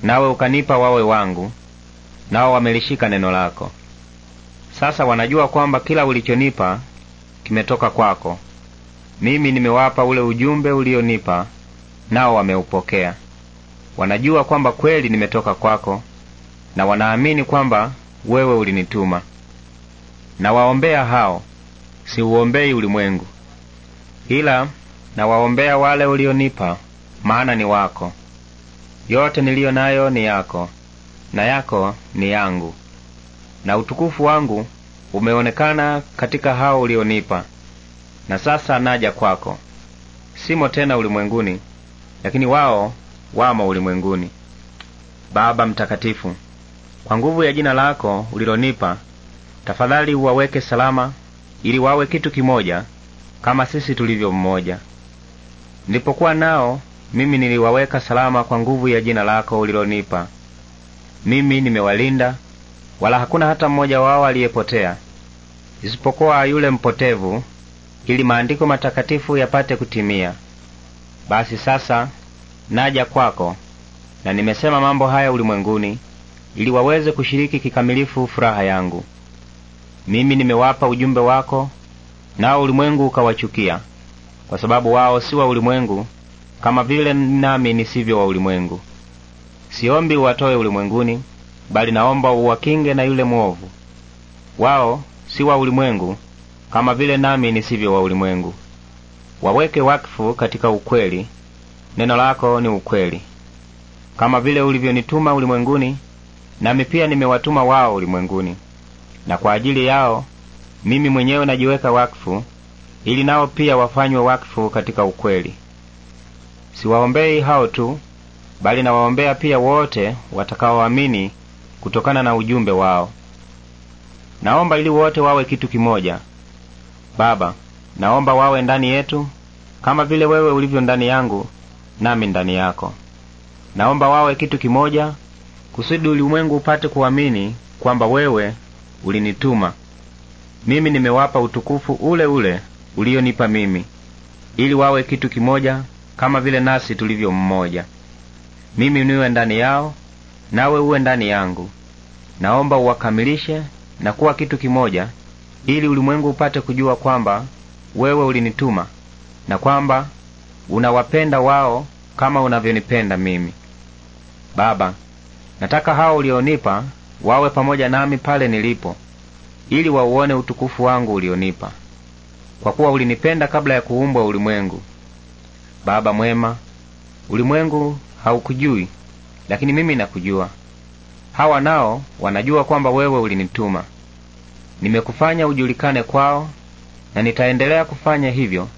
nawe ukanipa wawe wangu, nao wamelishika neno lako. Sasa wanajua kwamba kila ulichonipa kimetoka kwako. Mimi nimewapa ule ujumbe ulionipa, nao wameupokea. Wanajua kwamba kweli nimetoka kwako, na wanaamini kwamba wewe ulinituma. Nawaombea hao, siuombei ulimwengu, ila nawaombea wale ulionipa, maana ni wako. Yote niliyo nayo ni yako, na yako ni yangu na utukufu wangu umeonekana katika hao ulionipa. Na sasa naja kwako, simo tena ulimwenguni, lakini wao wamo ulimwenguni. Baba Mtakatifu, kwa nguvu ya jina lako ulilonipa, tafadhali uwaweke salama, ili wawe kitu kimoja kama sisi tulivyo mmoja. Nilipokuwa nao mimi niliwaweka salama kwa nguvu ya jina lako ulilonipa. Mimi nimewalinda wala hakuna hata mmoja wao aliyepotea isipokuwa yule mpotevu, ili maandiko matakatifu yapate kutimia. Basi sasa naja kwako, na nimesema mambo haya ulimwenguni ili waweze kushiriki kikamilifu furaha yangu. Mimi nimewapa ujumbe wako, nao ulimwengu ukawachukia, kwa sababu wao si wa ulimwengu kama vile nami nisivyo wa ulimwengu. Siombi uwatoe ulimwenguni, bali naomba uwakinge na yule mwovu. Wao si wa ulimwengu kama vile nami nisivyo wa ulimwengu. Waweke wakfu katika ukweli, neno lako ni ukweli. Kama vile ulivyonituma ulimwenguni, nami pia nimewatuma wao ulimwenguni, na kwa ajili yao mimi mwenyewe najiweka wakfu, ili nao pia wafanywe wakfu katika ukweli. Siwaombei hao tu, bali nawaombea pia wote watakaoamini kutokana na ujumbe wao. Naomba ili wote wawe kitu kimoja. Baba, naomba wawe ndani yetu kama vile wewe ulivyo ndani yangu nami ndani yako. Naomba wawe kitu kimoja, kusudi ulimwengu upate kuamini kwamba wewe ulinituma mimi. Nimewapa utukufu ule ule ulionipa mimi, ili wawe kitu kimoja kama vile nasi tulivyo mmoja, mimi niwe ndani yao nawe uwe ndani yangu. Naomba uwakamilishe na kuwa kitu kimoja, ili ulimwengu upate kujua kwamba wewe ulinituma na kwamba unawapenda wao kama unavyonipenda mimi. Baba, nataka hao ulionipa wawe pamoja nami pale nilipo, ili wauone utukufu wangu ulionipa, kwa kuwa ulinipenda kabla ya kuumbwa ulimwengu. Baba mwema, ulimwengu haukujui, lakini mimi nakujua. Hawa nao wanajua kwamba wewe ulinituma. Nimekufanya ujulikane kwao, na nitaendelea kufanya hivyo,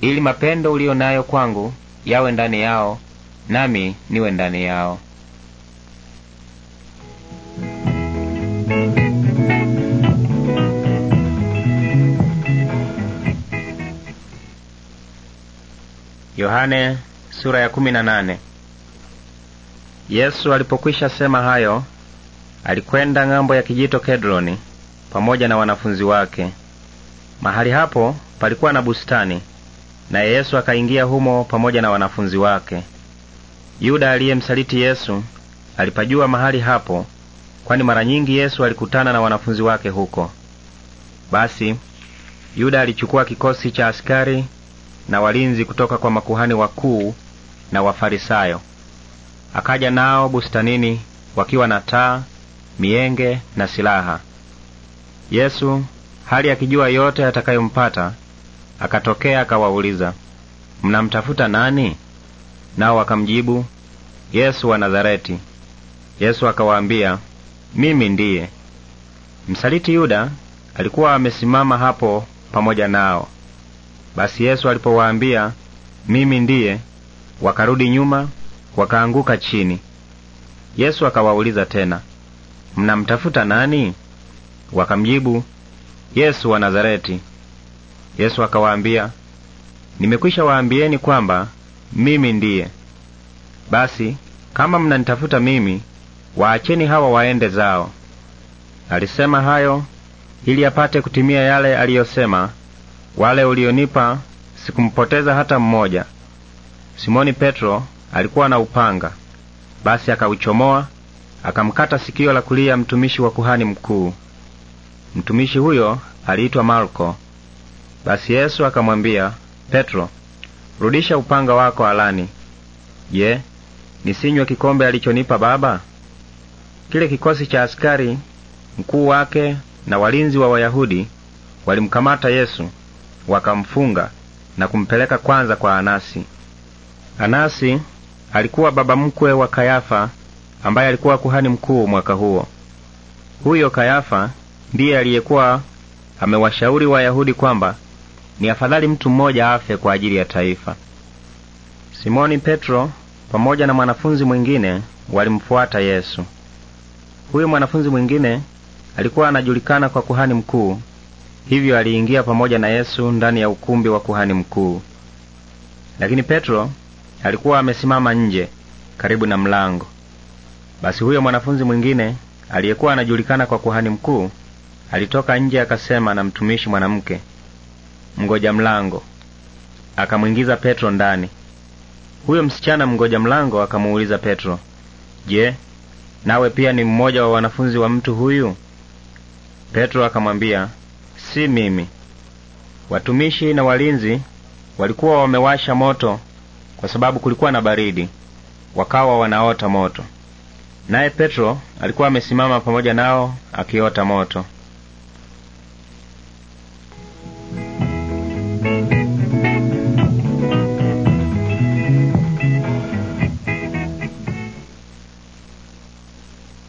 ili mapendo uliyo nayo kwangu yawe ndani yao, nami niwe ndani yao. Yohane, sura ya kumi na nane. Yesu alipokwisha sema hayo, alikwenda ng'ambo ya kijito Kedroni pamoja na wanafunzi wake. Mahali hapo palikuwa na bustani, naye Yesu akaingia humo pamoja na wanafunzi wake. Yuda aliyemsaliti Yesu alipajua mahali hapo, kwani mara nyingi Yesu alikutana na wanafunzi wake huko. Basi Yuda alichukua kikosi cha askari na walinzi kutoka kwa makuhani wakuu na Wafarisayo. Akaja nao bustanini wakiwa na taa, mienge na silaha. Yesu hali akijua yote yatakayompata, akatokea akawauliza, mnamtafuta nani? Nao wakamjibu, Yesu wa Nazareti. Yesu akawaambia, mimi ndiye. Msaliti Yuda alikuwa amesimama hapo pamoja nao. Basi Yesu alipowaambia, mimi ndiye, wakarudi nyuma wakaanguka chini. Yesu akawauliza tena, mnamtafuta nani? Wakamjibu, Yesu wa Nazareti. Yesu akawaambia, nimekwisha waambieni kwamba mimi ndiye. Basi kama mnanitafuta mimi, waacheni hawa waende zao. Alisema hayo ili apate kutimia yale aliyosema, wale ulionipa sikumpoteza hata mmoja. Simoni Petro alikuwa na upanga. Basi akauchomoa akamkata sikio la kulia mtumishi wa kuhani mkuu. Mtumishi huyo aliitwa Marko. Basi Yesu akamwambia Petro, rudisha upanga wako alani. Je, nisinywe kikombe alichonipa Baba? Kile kikosi cha askari mkuu wake na walinzi wa Wayahudi walimkamata Yesu wakamfunga na kumpeleka kwanza kwa Anasi. Anasi alikuwa baba mkwe wa Kayafa ambaye alikuwa kuhani mkuu mwaka huo. Huyo Kayafa ndiye aliyekuwa amewashauri Wayahudi kwamba ni afadhali mtu mmoja afe kwa ajili ya taifa. Simoni Petro pamoja na mwanafunzi mwingine walimfuata Yesu. Huyu mwanafunzi mwingine alikuwa anajulikana kwa kuhani mkuu, hivyo aliingia pamoja na Yesu ndani ya ukumbi wa kuhani mkuu. Lakini Petro alikuwa amesimama nje karibu na mlango. Basi huyo mwanafunzi mwingine aliyekuwa anajulikana kwa kuhani mkuu alitoka nje akasema na mtumishi mwanamke mgoja mlango, akamwingiza Petro ndani. Huyo msichana mgoja mlango akamuuliza Petro, je, nawe pia ni mmoja wa wanafunzi wa mtu huyu? Petro akamwambia, si mimi. Watumishi na walinzi walikuwa wamewasha moto kwa sababu kulikuwa na baridi, wakawa wanaota moto. Naye Petro alikuwa amesimama pamoja nao akiota moto.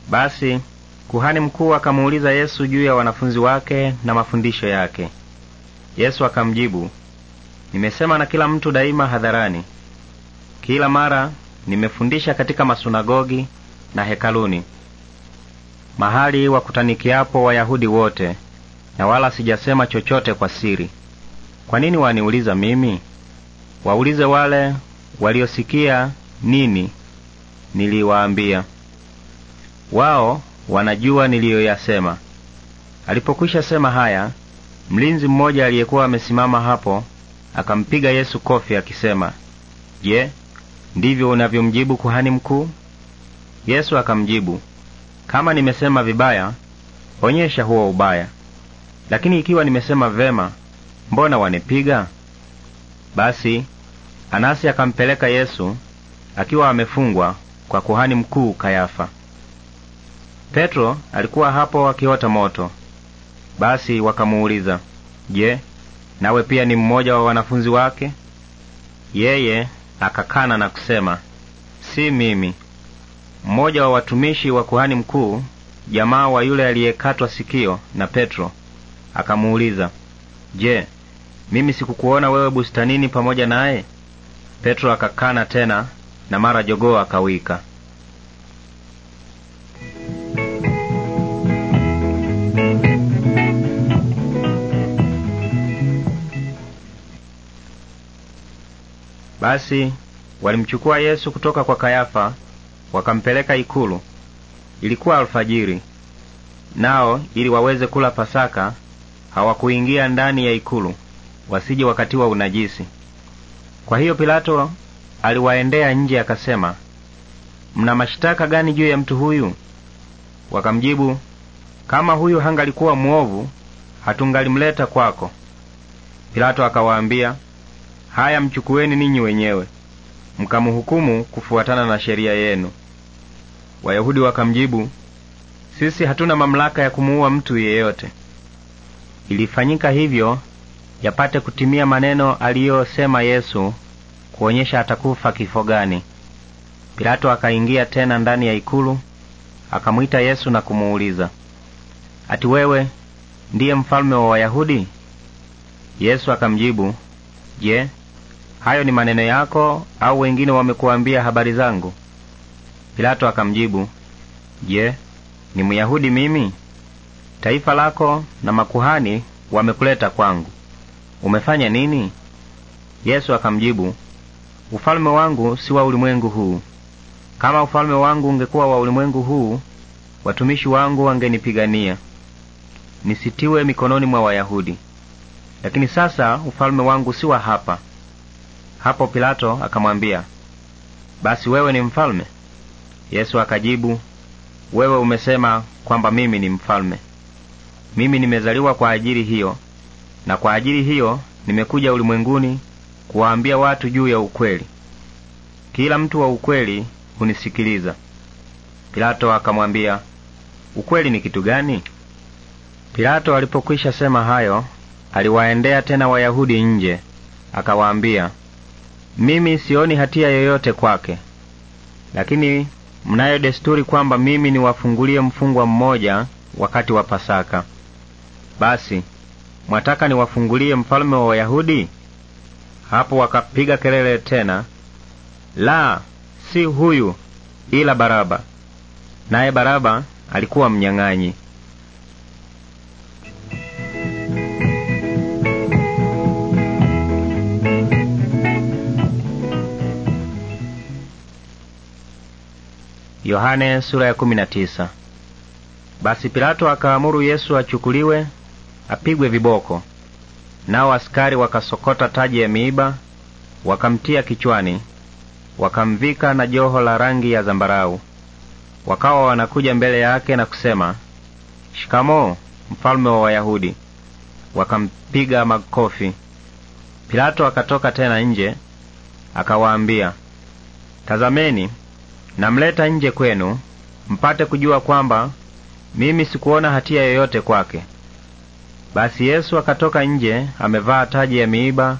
Basi kuhani mkuu akamuuliza Yesu juu ya wanafunzi wake na mafundisho yake. Yesu akamjibu, nimesema na kila mtu daima hadharani, kila mara nimefundisha katika masunagogi na hekaluni, mahali wakutanikiapo Wayahudi wote, na wala sijasema chochote kwa siri. Kwa nini waniuliza mimi? Waulize wale waliosikia nini niliwaambia. Wao wanajua niliyoyasema. Alipokwisha sema haya, mlinzi mmoja aliyekuwa amesimama hapo akampiga Yesu kofi akisema, Je, ndivyo unavyomjibu kuhani mkuu? Yesu akamjibu, kama nimesema vibaya, onyesha huo ubaya, lakini ikiwa nimesema vema, mbona wanipiga? Basi Anasi akampeleka Yesu akiwa amefungwa kwa kuhani mkuu Kayafa. Petro alikuwa hapo akiota moto. Basi wakamuuliza, Je, nawe pia ni mmoja wa wanafunzi wake? Yeye akakana na kusema, si mimi. Mmoja wa watumishi wa kuhani mkuu, jamaa wa yule aliyekatwa sikio na Petro, akamuuliza, je, mimi sikukuona wewe bustanini pamoja naye? Petro akakana tena, na mara jogoo akawika. Basi walimchukua Yesu kutoka kwa Kayafa wakampeleka ikulu. Ilikuwa alfajiri, nao ili waweze kula Pasaka hawakuingia ndani ya ikulu, wasije wakatiwa unajisi. Kwa hiyo Pilato aliwaendea nje akasema, mna mashitaka gani juu ya mtu huyu? Wakamjibu, kama huyu hangalikuwa mwovu hatungalimleta kwako. Pilato akawaambia, haya mchukueni ninyi wenyewe mkamhukumu kufuatana na sheria yenu. Wayahudi wakamjibu, sisi hatuna mamlaka ya kumuua mtu yeyote. Ilifanyika hivyo yapate kutimia maneno aliyosema Yesu kuonyesha atakufa kifo gani. Pilato akaingia tena ndani ya ikulu, akamwita Yesu na kumuuliza, ati wewe ndiye mfalme wa Wayahudi? Yesu akamjibu, je, hayo ni maneno yako au wengine wamekuambia habari zangu? Pilato akamjibu, Je, ni Myahudi mimi? Taifa lako na makuhani wamekuleta kwangu, umefanya nini? Yesu akamjibu, ufalme wangu si wa ulimwengu huu. Kama ufalme wangu ungekuwa wa ulimwengu huu, watumishi wangu wangenipigania nisitiwe mikononi mwa Wayahudi, lakini sasa ufalme wangu si wa hapa. Hapo Pilato akamwambia, basi wewe ni mfalme? Yesu akajibu, wewe umesema kwamba mimi ni mfalme. Mimi nimezaliwa kwa ajili hiyo, na kwa ajili hiyo nimekuja ulimwenguni kuwaambia watu juu ya ukweli. Kila mtu wa ukweli hunisikiliza. Pilato akamwambia, ukweli ni kitu gani? Pilato alipokwisha sema hayo, aliwaendea tena Wayahudi nje, akawaambia, mimi sioni hatia yoyote kwake. Lakini mnayo desturi kwamba mimi niwafungulie mfungwa mmoja wakati wa Pasaka. Basi mwataka niwafungulie mfalme wa Wayahudi? Hapo wakapiga kelele tena, la, si huyu, ila Baraba. Naye Baraba alikuwa mnyang'anyi. Yohane sura ya kumi na tisa. Basi Pilato akaamuru Yesu achukuliwe apigwe viboko. Nao askari wakasokota taji ya miiba wakamtia kichwani, wakamvika na joho la rangi ya zambarau. Wakawa wanakuja mbele yake na kusema, shikamo mfalme wa Wayahudi. Wakampiga makofi. Pilato akatoka tena nje akawaambia, Tazameni, namleta nje kwenu mpate kujua kwamba mimi sikuona hatia yoyote kwake. Basi Yesu akatoka nje amevaa taji ya miiba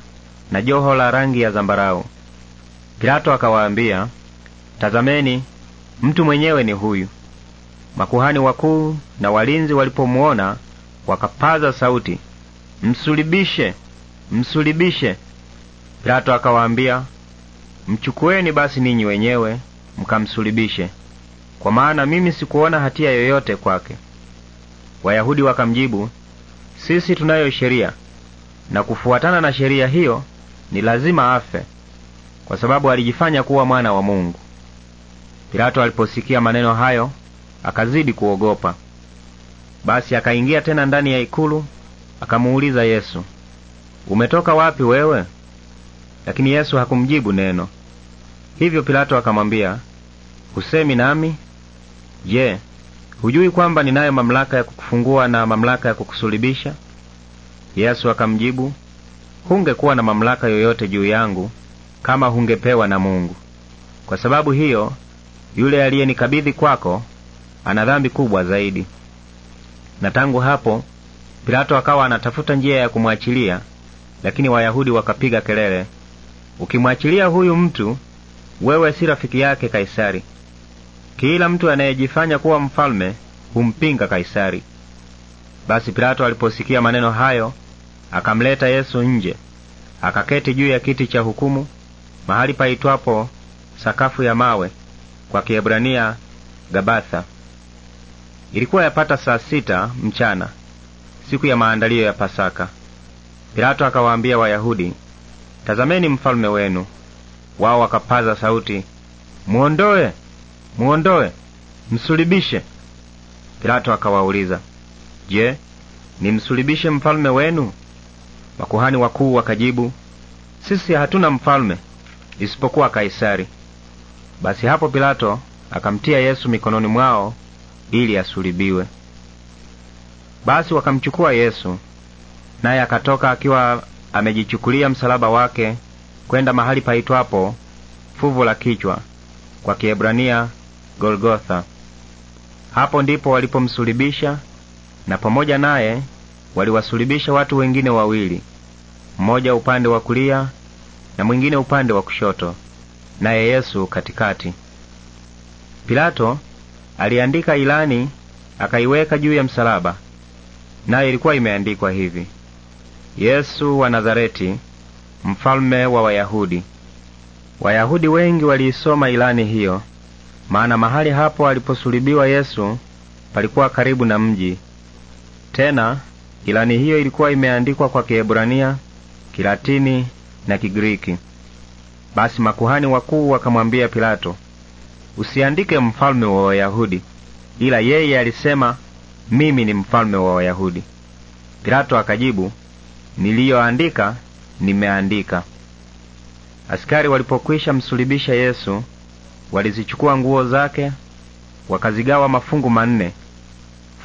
na joho la rangi ya zambarau. Pilato akawaambia, tazameni, mtu mwenyewe ni huyu. Makuhani wakuu na walinzi walipomuona wakapaza sauti, msulibishe, msulibishe! Pilato akawaambia, mchukueni basi ninyi wenyewe mkamsulibishe, kwa maana mimi sikuona hatia yoyote kwake. Wayahudi wakamjibu, sisi tunayo sheria, na kufuatana na sheria hiyo ni lazima afe, kwa sababu alijifanya kuwa mwana wa Mungu. Pilato aliposikia maneno hayo akazidi kuogopa. Basi akaingia tena ndani ya ikulu, akamuuliza Yesu, umetoka wapi wewe? Lakini Yesu hakumjibu neno. Hivyo Pilato akamwambia, husemi nami? Je, hujui kwamba ninayo mamlaka ya kukufungua na mamlaka ya kukusulubisha? Yesu akamjibu, hungekuwa na mamlaka yoyote juu yangu kama hungepewa na Mungu. Kwa sababu hiyo, yule aliyenikabidhi kwako ana dhambi kubwa zaidi. Na tangu hapo Pilato akawa anatafuta njia ya kumwachilia, lakini Wayahudi wakapiga kelele, ukimwachilia huyu mtu wewe si rafiki yake Kaisari. Kila mtu anayejifanya kuwa mfalme humpinga Kaisari. Basi Pilato aliposikia maneno hayo, akamleta Yesu nje, akaketi juu ya kiti cha hukumu, mahali paitwapo sakafu ya mawe, kwa Kiebrania Gabatha. Ilikuwa yapata saa sita mchana, siku ya maandalio ya Pasaka. Pilato akawaambia Wayahudi, tazameni mfalme wenu. Wao wakapaza sauti, muondoe, muondoe, msulibishe. Pilato akawauliza, je, nimsulibishe mfalme wenu? Makuhani wakuu wakajibu, sisi hatuna mfalme isipokuwa Kaisari. Basi hapo Pilato akamtia Yesu mikononi mwao ili asulibiwe. Basi wakamchukua Yesu, naye akatoka akiwa amejichukulia msalaba wake kwenda mahali paitwapo fuvu la kichwa, kwa Kiebrania Golgotha. Hapo ndipo walipomsulibisha na pamoja naye waliwasulibisha watu wengine wawili, mmoja upande wa kulia na mwingine upande wa kushoto, naye Yesu katikati. Pilato aliandika ilani akaiweka juu ya msalaba, nayo ilikuwa imeandikwa hivi: Yesu wa Nazareti, mfalme wa Wayahudi. Wayahudi wengi waliisoma ilani hiyo, maana mahali hapo aliposulubiwa Yesu palikuwa karibu na mji. Tena ilani hiyo ilikuwa imeandikwa kwa Kiebrania, Kilatini na Kigiriki. Basi makuhani wakuu wakamwambia Pilato, usiandike mfalme wa Wayahudi, ila yeye alisema mimi ni mfalme wa Wayahudi. Pilato akajibu, niliyoandika nimeandika. Askari walipokwisha msulibisha Yesu, walizichukua nguo zake wakazigawa mafungu manne,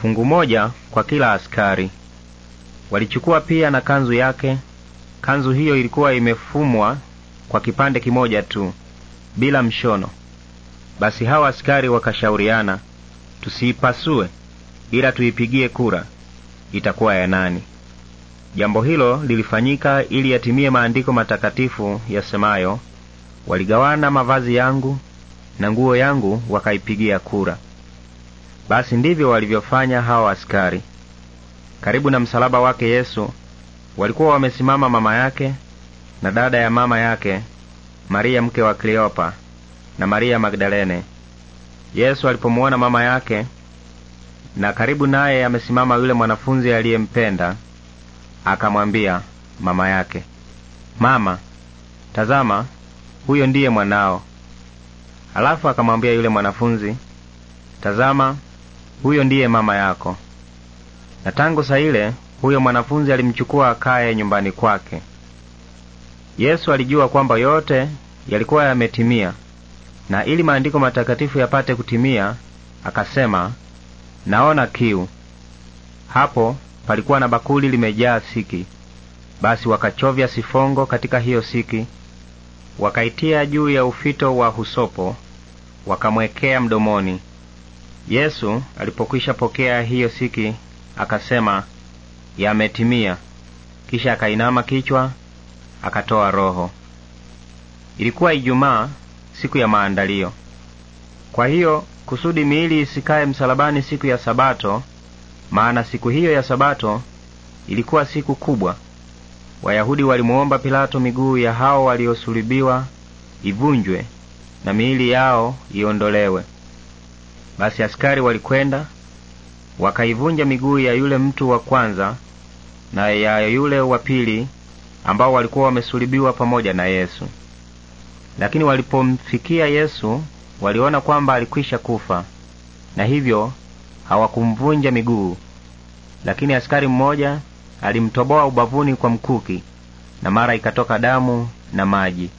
fungu moja kwa kila askari. Walichukua pia na kanzu yake. Kanzu hiyo ilikuwa imefumwa kwa kipande kimoja tu bila mshono. Basi hawa askari wakashauriana, tusiipasue, ila tuipigie kura, itakuwa ya nani? Jambo hilo lilifanyika ili yatimie maandiko matakatifu yasemayo, waligawana mavazi yangu na nguo yangu wakaipigia kura. Basi ndivyo walivyofanya hao askari. Karibu na msalaba wake Yesu walikuwa wamesimama mama yake na dada ya mama yake, Maria mke wa Kleopa na Maria Magdalene. Yesu alipomuona mama yake na karibu naye amesimama yule mwanafunzi aliyempenda akamwambia mama yake, mama, tazama, huyo ndiye mwanao. Alafu akamwambia yule mwanafunzi, tazama, huyo ndiye mama yako. Na tangu saa ile huyo mwanafunzi alimchukua akaye nyumbani kwake. Yesu alijua kwamba yote yalikuwa yametimia, na ili maandiko matakatifu yapate kutimia, akasema, naona kiu. Hapo palikuwa na bakuli limejaa siki. Basi wakachovya sifongo katika hiyo siki, wakaitia juu ya ufito wa husopo, wakamwekea mdomoni. Yesu alipokwisha pokea hiyo siki akasema, yametimia. Kisha akainama kichwa akatoa roho. Ilikuwa Ijumaa, siku ya maandalio. Kwa hiyo kusudi miili isikae msalabani siku ya Sabato, maana siku hiyo ya sabato ilikuwa siku kubwa wayahudi walimuomba pilato miguu ya hao waliosulubiwa ivunjwe na miili yao iondolewe basi askari walikwenda wakaivunja miguu ya yule mtu wa kwanza na ya yule wa pili ambao walikuwa wamesulibiwa pamoja na Yesu. Lakini walipomfikia Yesu waliona kwamba alikwisha kufa, na hivyo hawakumvunja miguu lakini askari mmoja alimtoboa ubavuni kwa mkuki na mara ikatoka damu na maji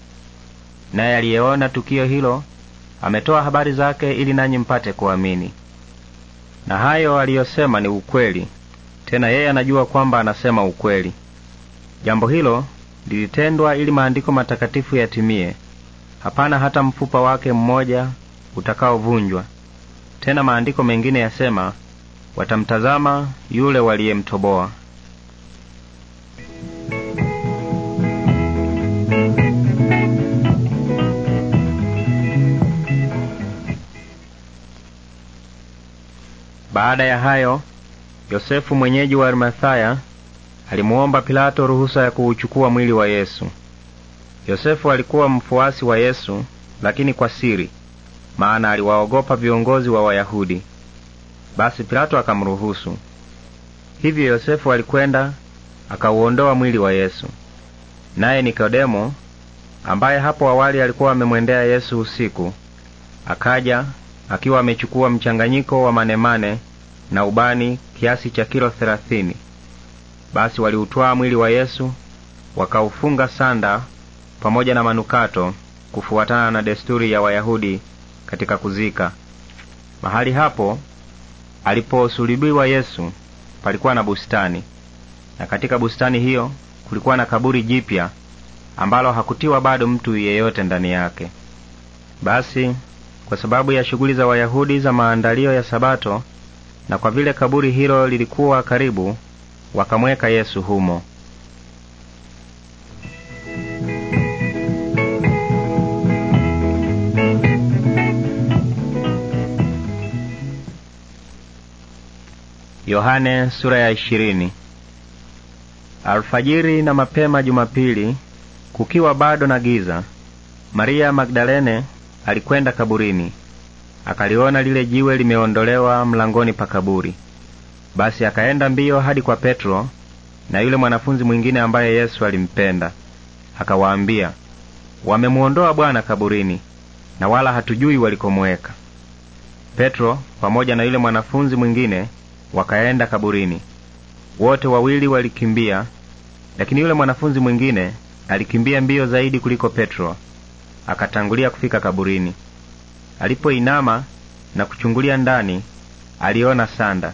naye aliyeona tukio hilo ametoa habari zake ili nanyi mpate kuamini na hayo aliyosema ni ukweli tena yeye anajua kwamba anasema ukweli jambo hilo lilitendwa ili maandiko matakatifu yatimie hapana hata mfupa wake mmoja utakaovunjwa tena maandiko mengine yasema, watamtazama yule waliyemtoboa. Baada ya hayo, Yosefu mwenyeji wa Arimathaya alimuomba Pilato ruhusa ya kuuchukua mwili wa Yesu. Yosefu alikuwa mfuasi wa Yesu, lakini kwa siri maana aliwaogopa viongozi wa Wayahudi. Basi Pilato akamruhusu. Hivyo Yosefu alikwenda akauondoa mwili wa Yesu. Naye Nikodemo, ambaye hapo awali alikuwa amemwendea Yesu usiku, akaja akiwa amechukua mchanganyiko wa manemane na ubani kiasi cha kilo thelathini. Basi waliutwaa mwili wa Yesu wakaufunga sanda pamoja na manukato, kufuatana na desturi ya Wayahudi katika kuzika. Mahali hapo aliposulubiwa Yesu palikuwa na bustani, na katika bustani hiyo kulikuwa na kaburi jipya ambalo hakutiwa bado mtu yeyote ndani yake. Basi kwa sababu ya shughuli za Wayahudi za maandalio ya Sabato, na kwa vile kaburi hilo lilikuwa karibu, wakamweka Yesu humo. Yohane sura ya ishirini. Alfajiri na mapema Jumapili, kukiwa bado na giza, Maria Magdalene alikwenda kaburini, akaliona lile jiwe limeondolewa mlangoni pa kaburi. Basi akaenda mbio hadi kwa Petro na yule mwanafunzi mwingine ambaye Yesu alimpenda, akawaambia, wamemuondoa Bwana kaburini, na wala hatujui walikomweka. Petro pamoja na yule mwanafunzi mwingine wakaenda kaburini. Wote wawili walikimbia, lakini yule mwanafunzi mwingine alikimbia mbio zaidi kuliko Petro, akatangulia kufika kaburini. Alipoinama na kuchungulia ndani, aliona sanda,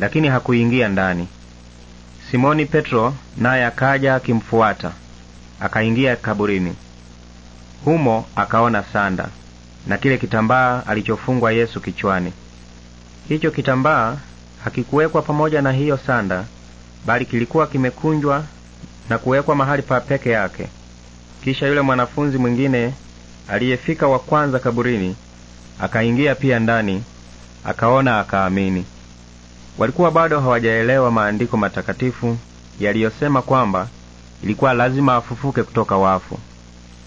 lakini hakuingia ndani. Simoni Petro naye akaja akimfuata, akaingia kaburini. Humo akaona sanda na kile kitambaa alichofungwa Yesu kichwani. Hicho kitambaa hakikuwekwa pamoja na hiyo sanda, bali kilikuwa kimekunjwa na kuwekwa mahali pa peke yake. Kisha yule mwanafunzi mwingine aliyefika wa kwanza kaburini akaingia pia ndani, akaona, akaamini. Walikuwa bado hawajaelewa maandiko matakatifu yaliyosema kwamba ilikuwa lazima afufuke kutoka wafu.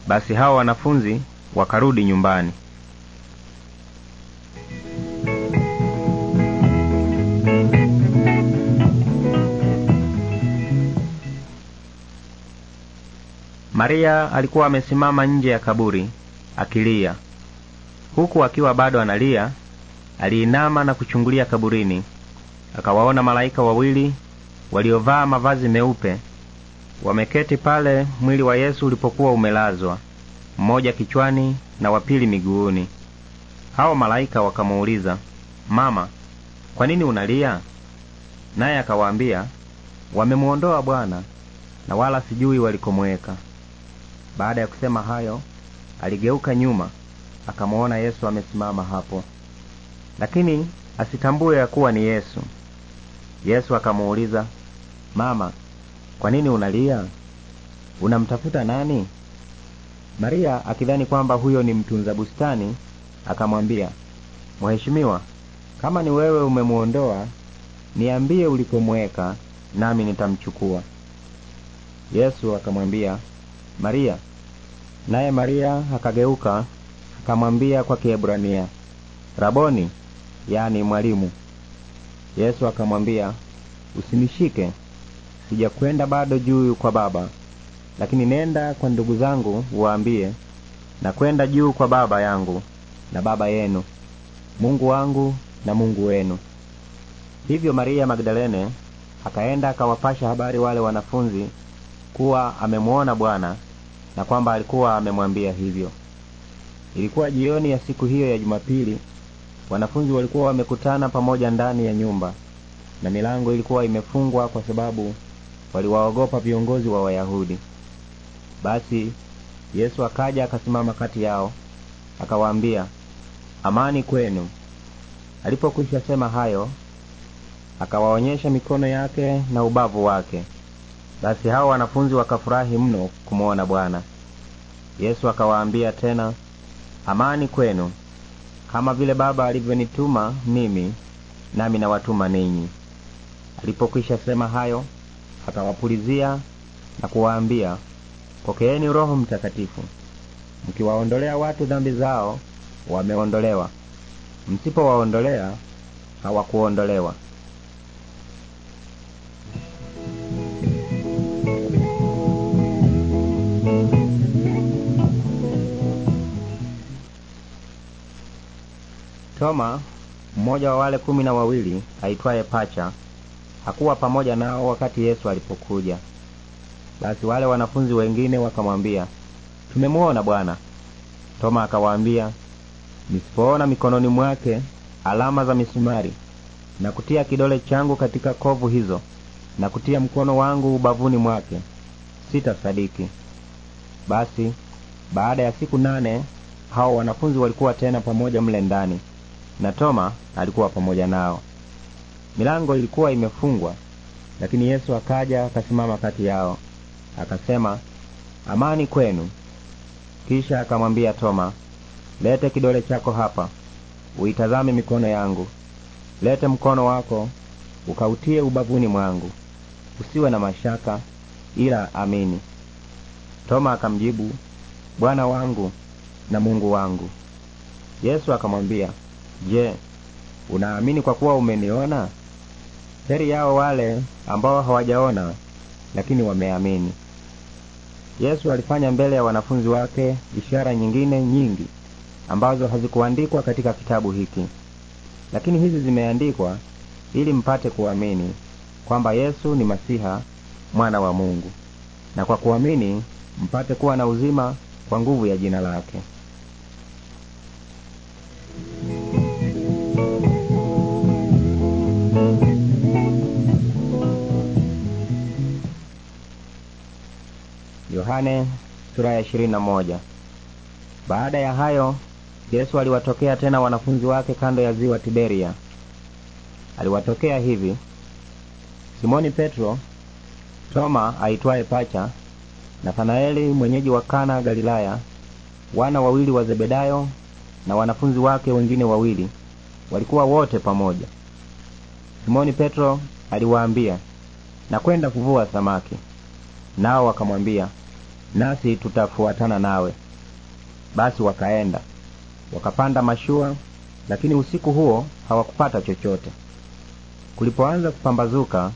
Basi hawa wanafunzi wakarudi nyumbani. Maria alikuwa amesimama nje ya kaburi akilia. Huku akiwa bado analia, aliinama na kuchungulia kaburini, akawaona malaika wawili waliovaa mavazi meupe wameketi pale mwili wa Yesu ulipokuwa umelazwa, mmoja kichwani na wapili miguuni. Hao malaika wakamuuliza, Mama, kwa nini unalia? Naye akawaambia, wamemuondoa Bwana na wala sijui walikomweka baada ya kusema hayo aligeuka nyuma akamwona yesu amesimama hapo lakini asitambue ya kuwa ni yesu yesu akamuuliza mama kwa nini unalia unamtafuta nani maria akidhani kwamba huyo ni mtunza bustani akamwambia mheshimiwa kama ni wewe umemuondoa niambie ulipomweka, nami nitamchukua yesu akamwambia Maria. Naye Maria akageuka akamwambia kwa Kiebrania, Raboni, yaani mwalimu. Yesu akamwambia, usinishike, sijakwenda bado juu kwa Baba, lakini nenda kwa ndugu zangu uwaambie, nakwenda juu kwa Baba yangu na Baba yenu, Mungu wangu na Mungu wenu. Hivyo Maria Magdalene akaenda akawapasha habari wale wanafunzi kuwa amemwona Bwana na kwamba alikuwa amemwambia hivyo. Ilikuwa jioni ya siku hiyo ya Jumapili. Wanafunzi walikuwa wamekutana pamoja ndani ya nyumba, na milango ilikuwa imefungwa kwa sababu waliwaogopa viongozi wa Wayahudi. Basi Yesu akaja akasimama kati yao, akawaambia, amani kwenu. Alipokwisha sema hayo, akawaonyesha mikono yake na ubavu wake basi hao wanafunzi wakafurahi mno kumwona bwana yesu akawaambia tena amani kwenu kama vile baba alivyonituma mimi nami nawatuma ninyi alipokwisha sema hayo akawapulizia na kuwaambia pokeeni roho mtakatifu mkiwaondolea watu dhambi zao wameondolewa msipowaondolea hawakuondolewa Thoma, mmoja wa wale kumi na wawili, aitwaye Pacha, hakuwa pamoja nao wakati Yesu alipokuja. Basi wale wanafunzi wengine wakamwambia, tumemwona Bwana. Toma akawaambia, nisipoona mikononi mwake alama za misumari na kutia kidole changu katika kovu hizo na kutia mkono wangu ubavuni mwake, sitasadiki. Basi baada ya siku nane hao wanafunzi walikuwa tena pamoja mle ndani na Toma alikuwa pamoja nao. Milango ilikuwa imefungwa, lakini Yesu akaja akasimama kati yao akasema, amani kwenu. Kisha akamwambia Toma, lete kidole chako hapa, uitazame mikono yangu, lete mkono wako ukautie ubavuni mwangu, usiwe na mashaka, ila amini. Toma akamjibu, Bwana wangu na Mungu wangu. Yesu akamwambia, Je, unaamini kwa kuwa umeniona? Heri yao wale ambao hawajaona lakini wameamini. Yesu alifanya mbele ya wanafunzi wake ishara nyingine nyingi ambazo hazikuandikwa katika kitabu hiki, lakini hizi zimeandikwa ili mpate kuamini kwamba Yesu ni Masiha mwana wa Mungu, na kwa kuamini mpate kuwa na uzima kwa nguvu ya jina lake. Yohane sura ya ishirini na moja. Baada ya hayo Yesu aliwatokea tena wanafunzi wake kando ya ziwa Tiberia. Aliwatokea hivi: Simoni Petro, Toma aitwaye Pacha, Nathanaeli mwenyeji wa Kana Galilaya, wana wawili wa Zebedayo na wanafunzi wake wengine wawili walikuwa wote pamoja. Simoni Petro aliwaambia, nakwenda kuvua samaki. Nao wakamwambia, nasi tutafuatana nawe basi wakaenda wakapanda mashua lakini usiku huo hawakupata chochote kulipoanza kupambazuka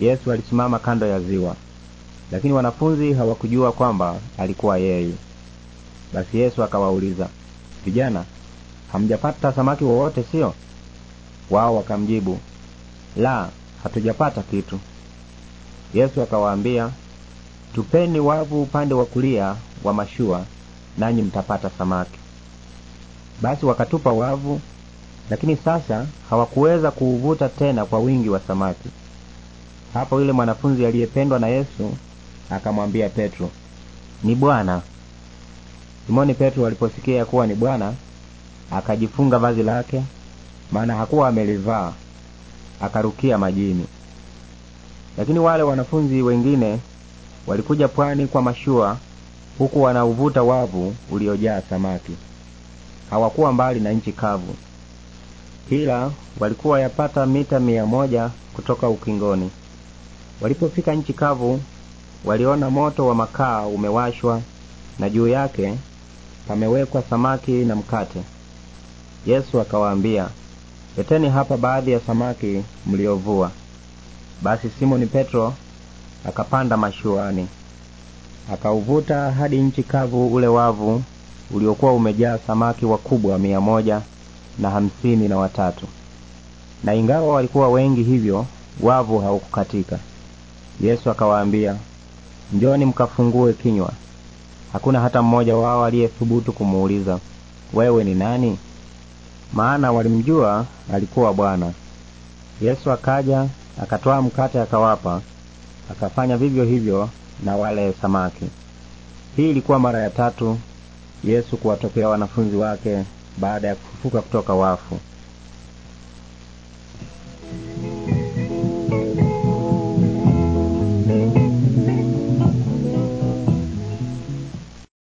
yesu alisimama kando ya ziwa lakini wanafunzi hawakujua kwamba alikuwa yeye basi yesu akawauliza vijana hamjapata samaki wowote siyo wao wakamjibu la hatujapata kitu yesu akawaambia Tupeni wavu upande wa kulia wa mashua, nanyi mtapata samaki. Basi wakatupa wavu, lakini sasa hawakuweza kuuvuta tena kwa wingi wa samaki. Hapo yule mwanafunzi aliyependwa na Yesu akamwambia Petro, ni Bwana. Simoni Petro aliposikia ya kuwa ni Bwana, akajifunga vazi lake, maana hakuwa amelivaa, akarukia majini. Lakini wale wanafunzi wengine walikuja pwani kwa mashua, huku wanauvuta wavu uliojaa samaki. Hawakuwa mbali na nchi kavu, ila walikuwa yapata mita mia moja kutoka ukingoni. Walipofika nchi kavu, waliona moto wa makaa umewashwa na juu yake pamewekwa samaki na mkate. Yesu akawaambia, leteni hapa baadhi ya samaki mliovua. Basi Simoni Petro akapanda mashuani akauvuta hadi nchi kavu ule wavu uliokuwa umejaa samaki wakubwa mia moja na hamsini na watatu na ingawa walikuwa wengi hivyo wavu haukukatika yesu akawaambia njoni mkafungue kinywa hakuna hata mmoja wao aliyethubutu kumuuliza wewe ni nani maana walimjua alikuwa bwana yesu akaja akatwaa mkate akawapa akafanya vivyo hivyo na wale samaki. Hii ilikuwa mara ya tatu Yesu kuwatokea wanafunzi wake baada ya kufufuka kutoka wafu.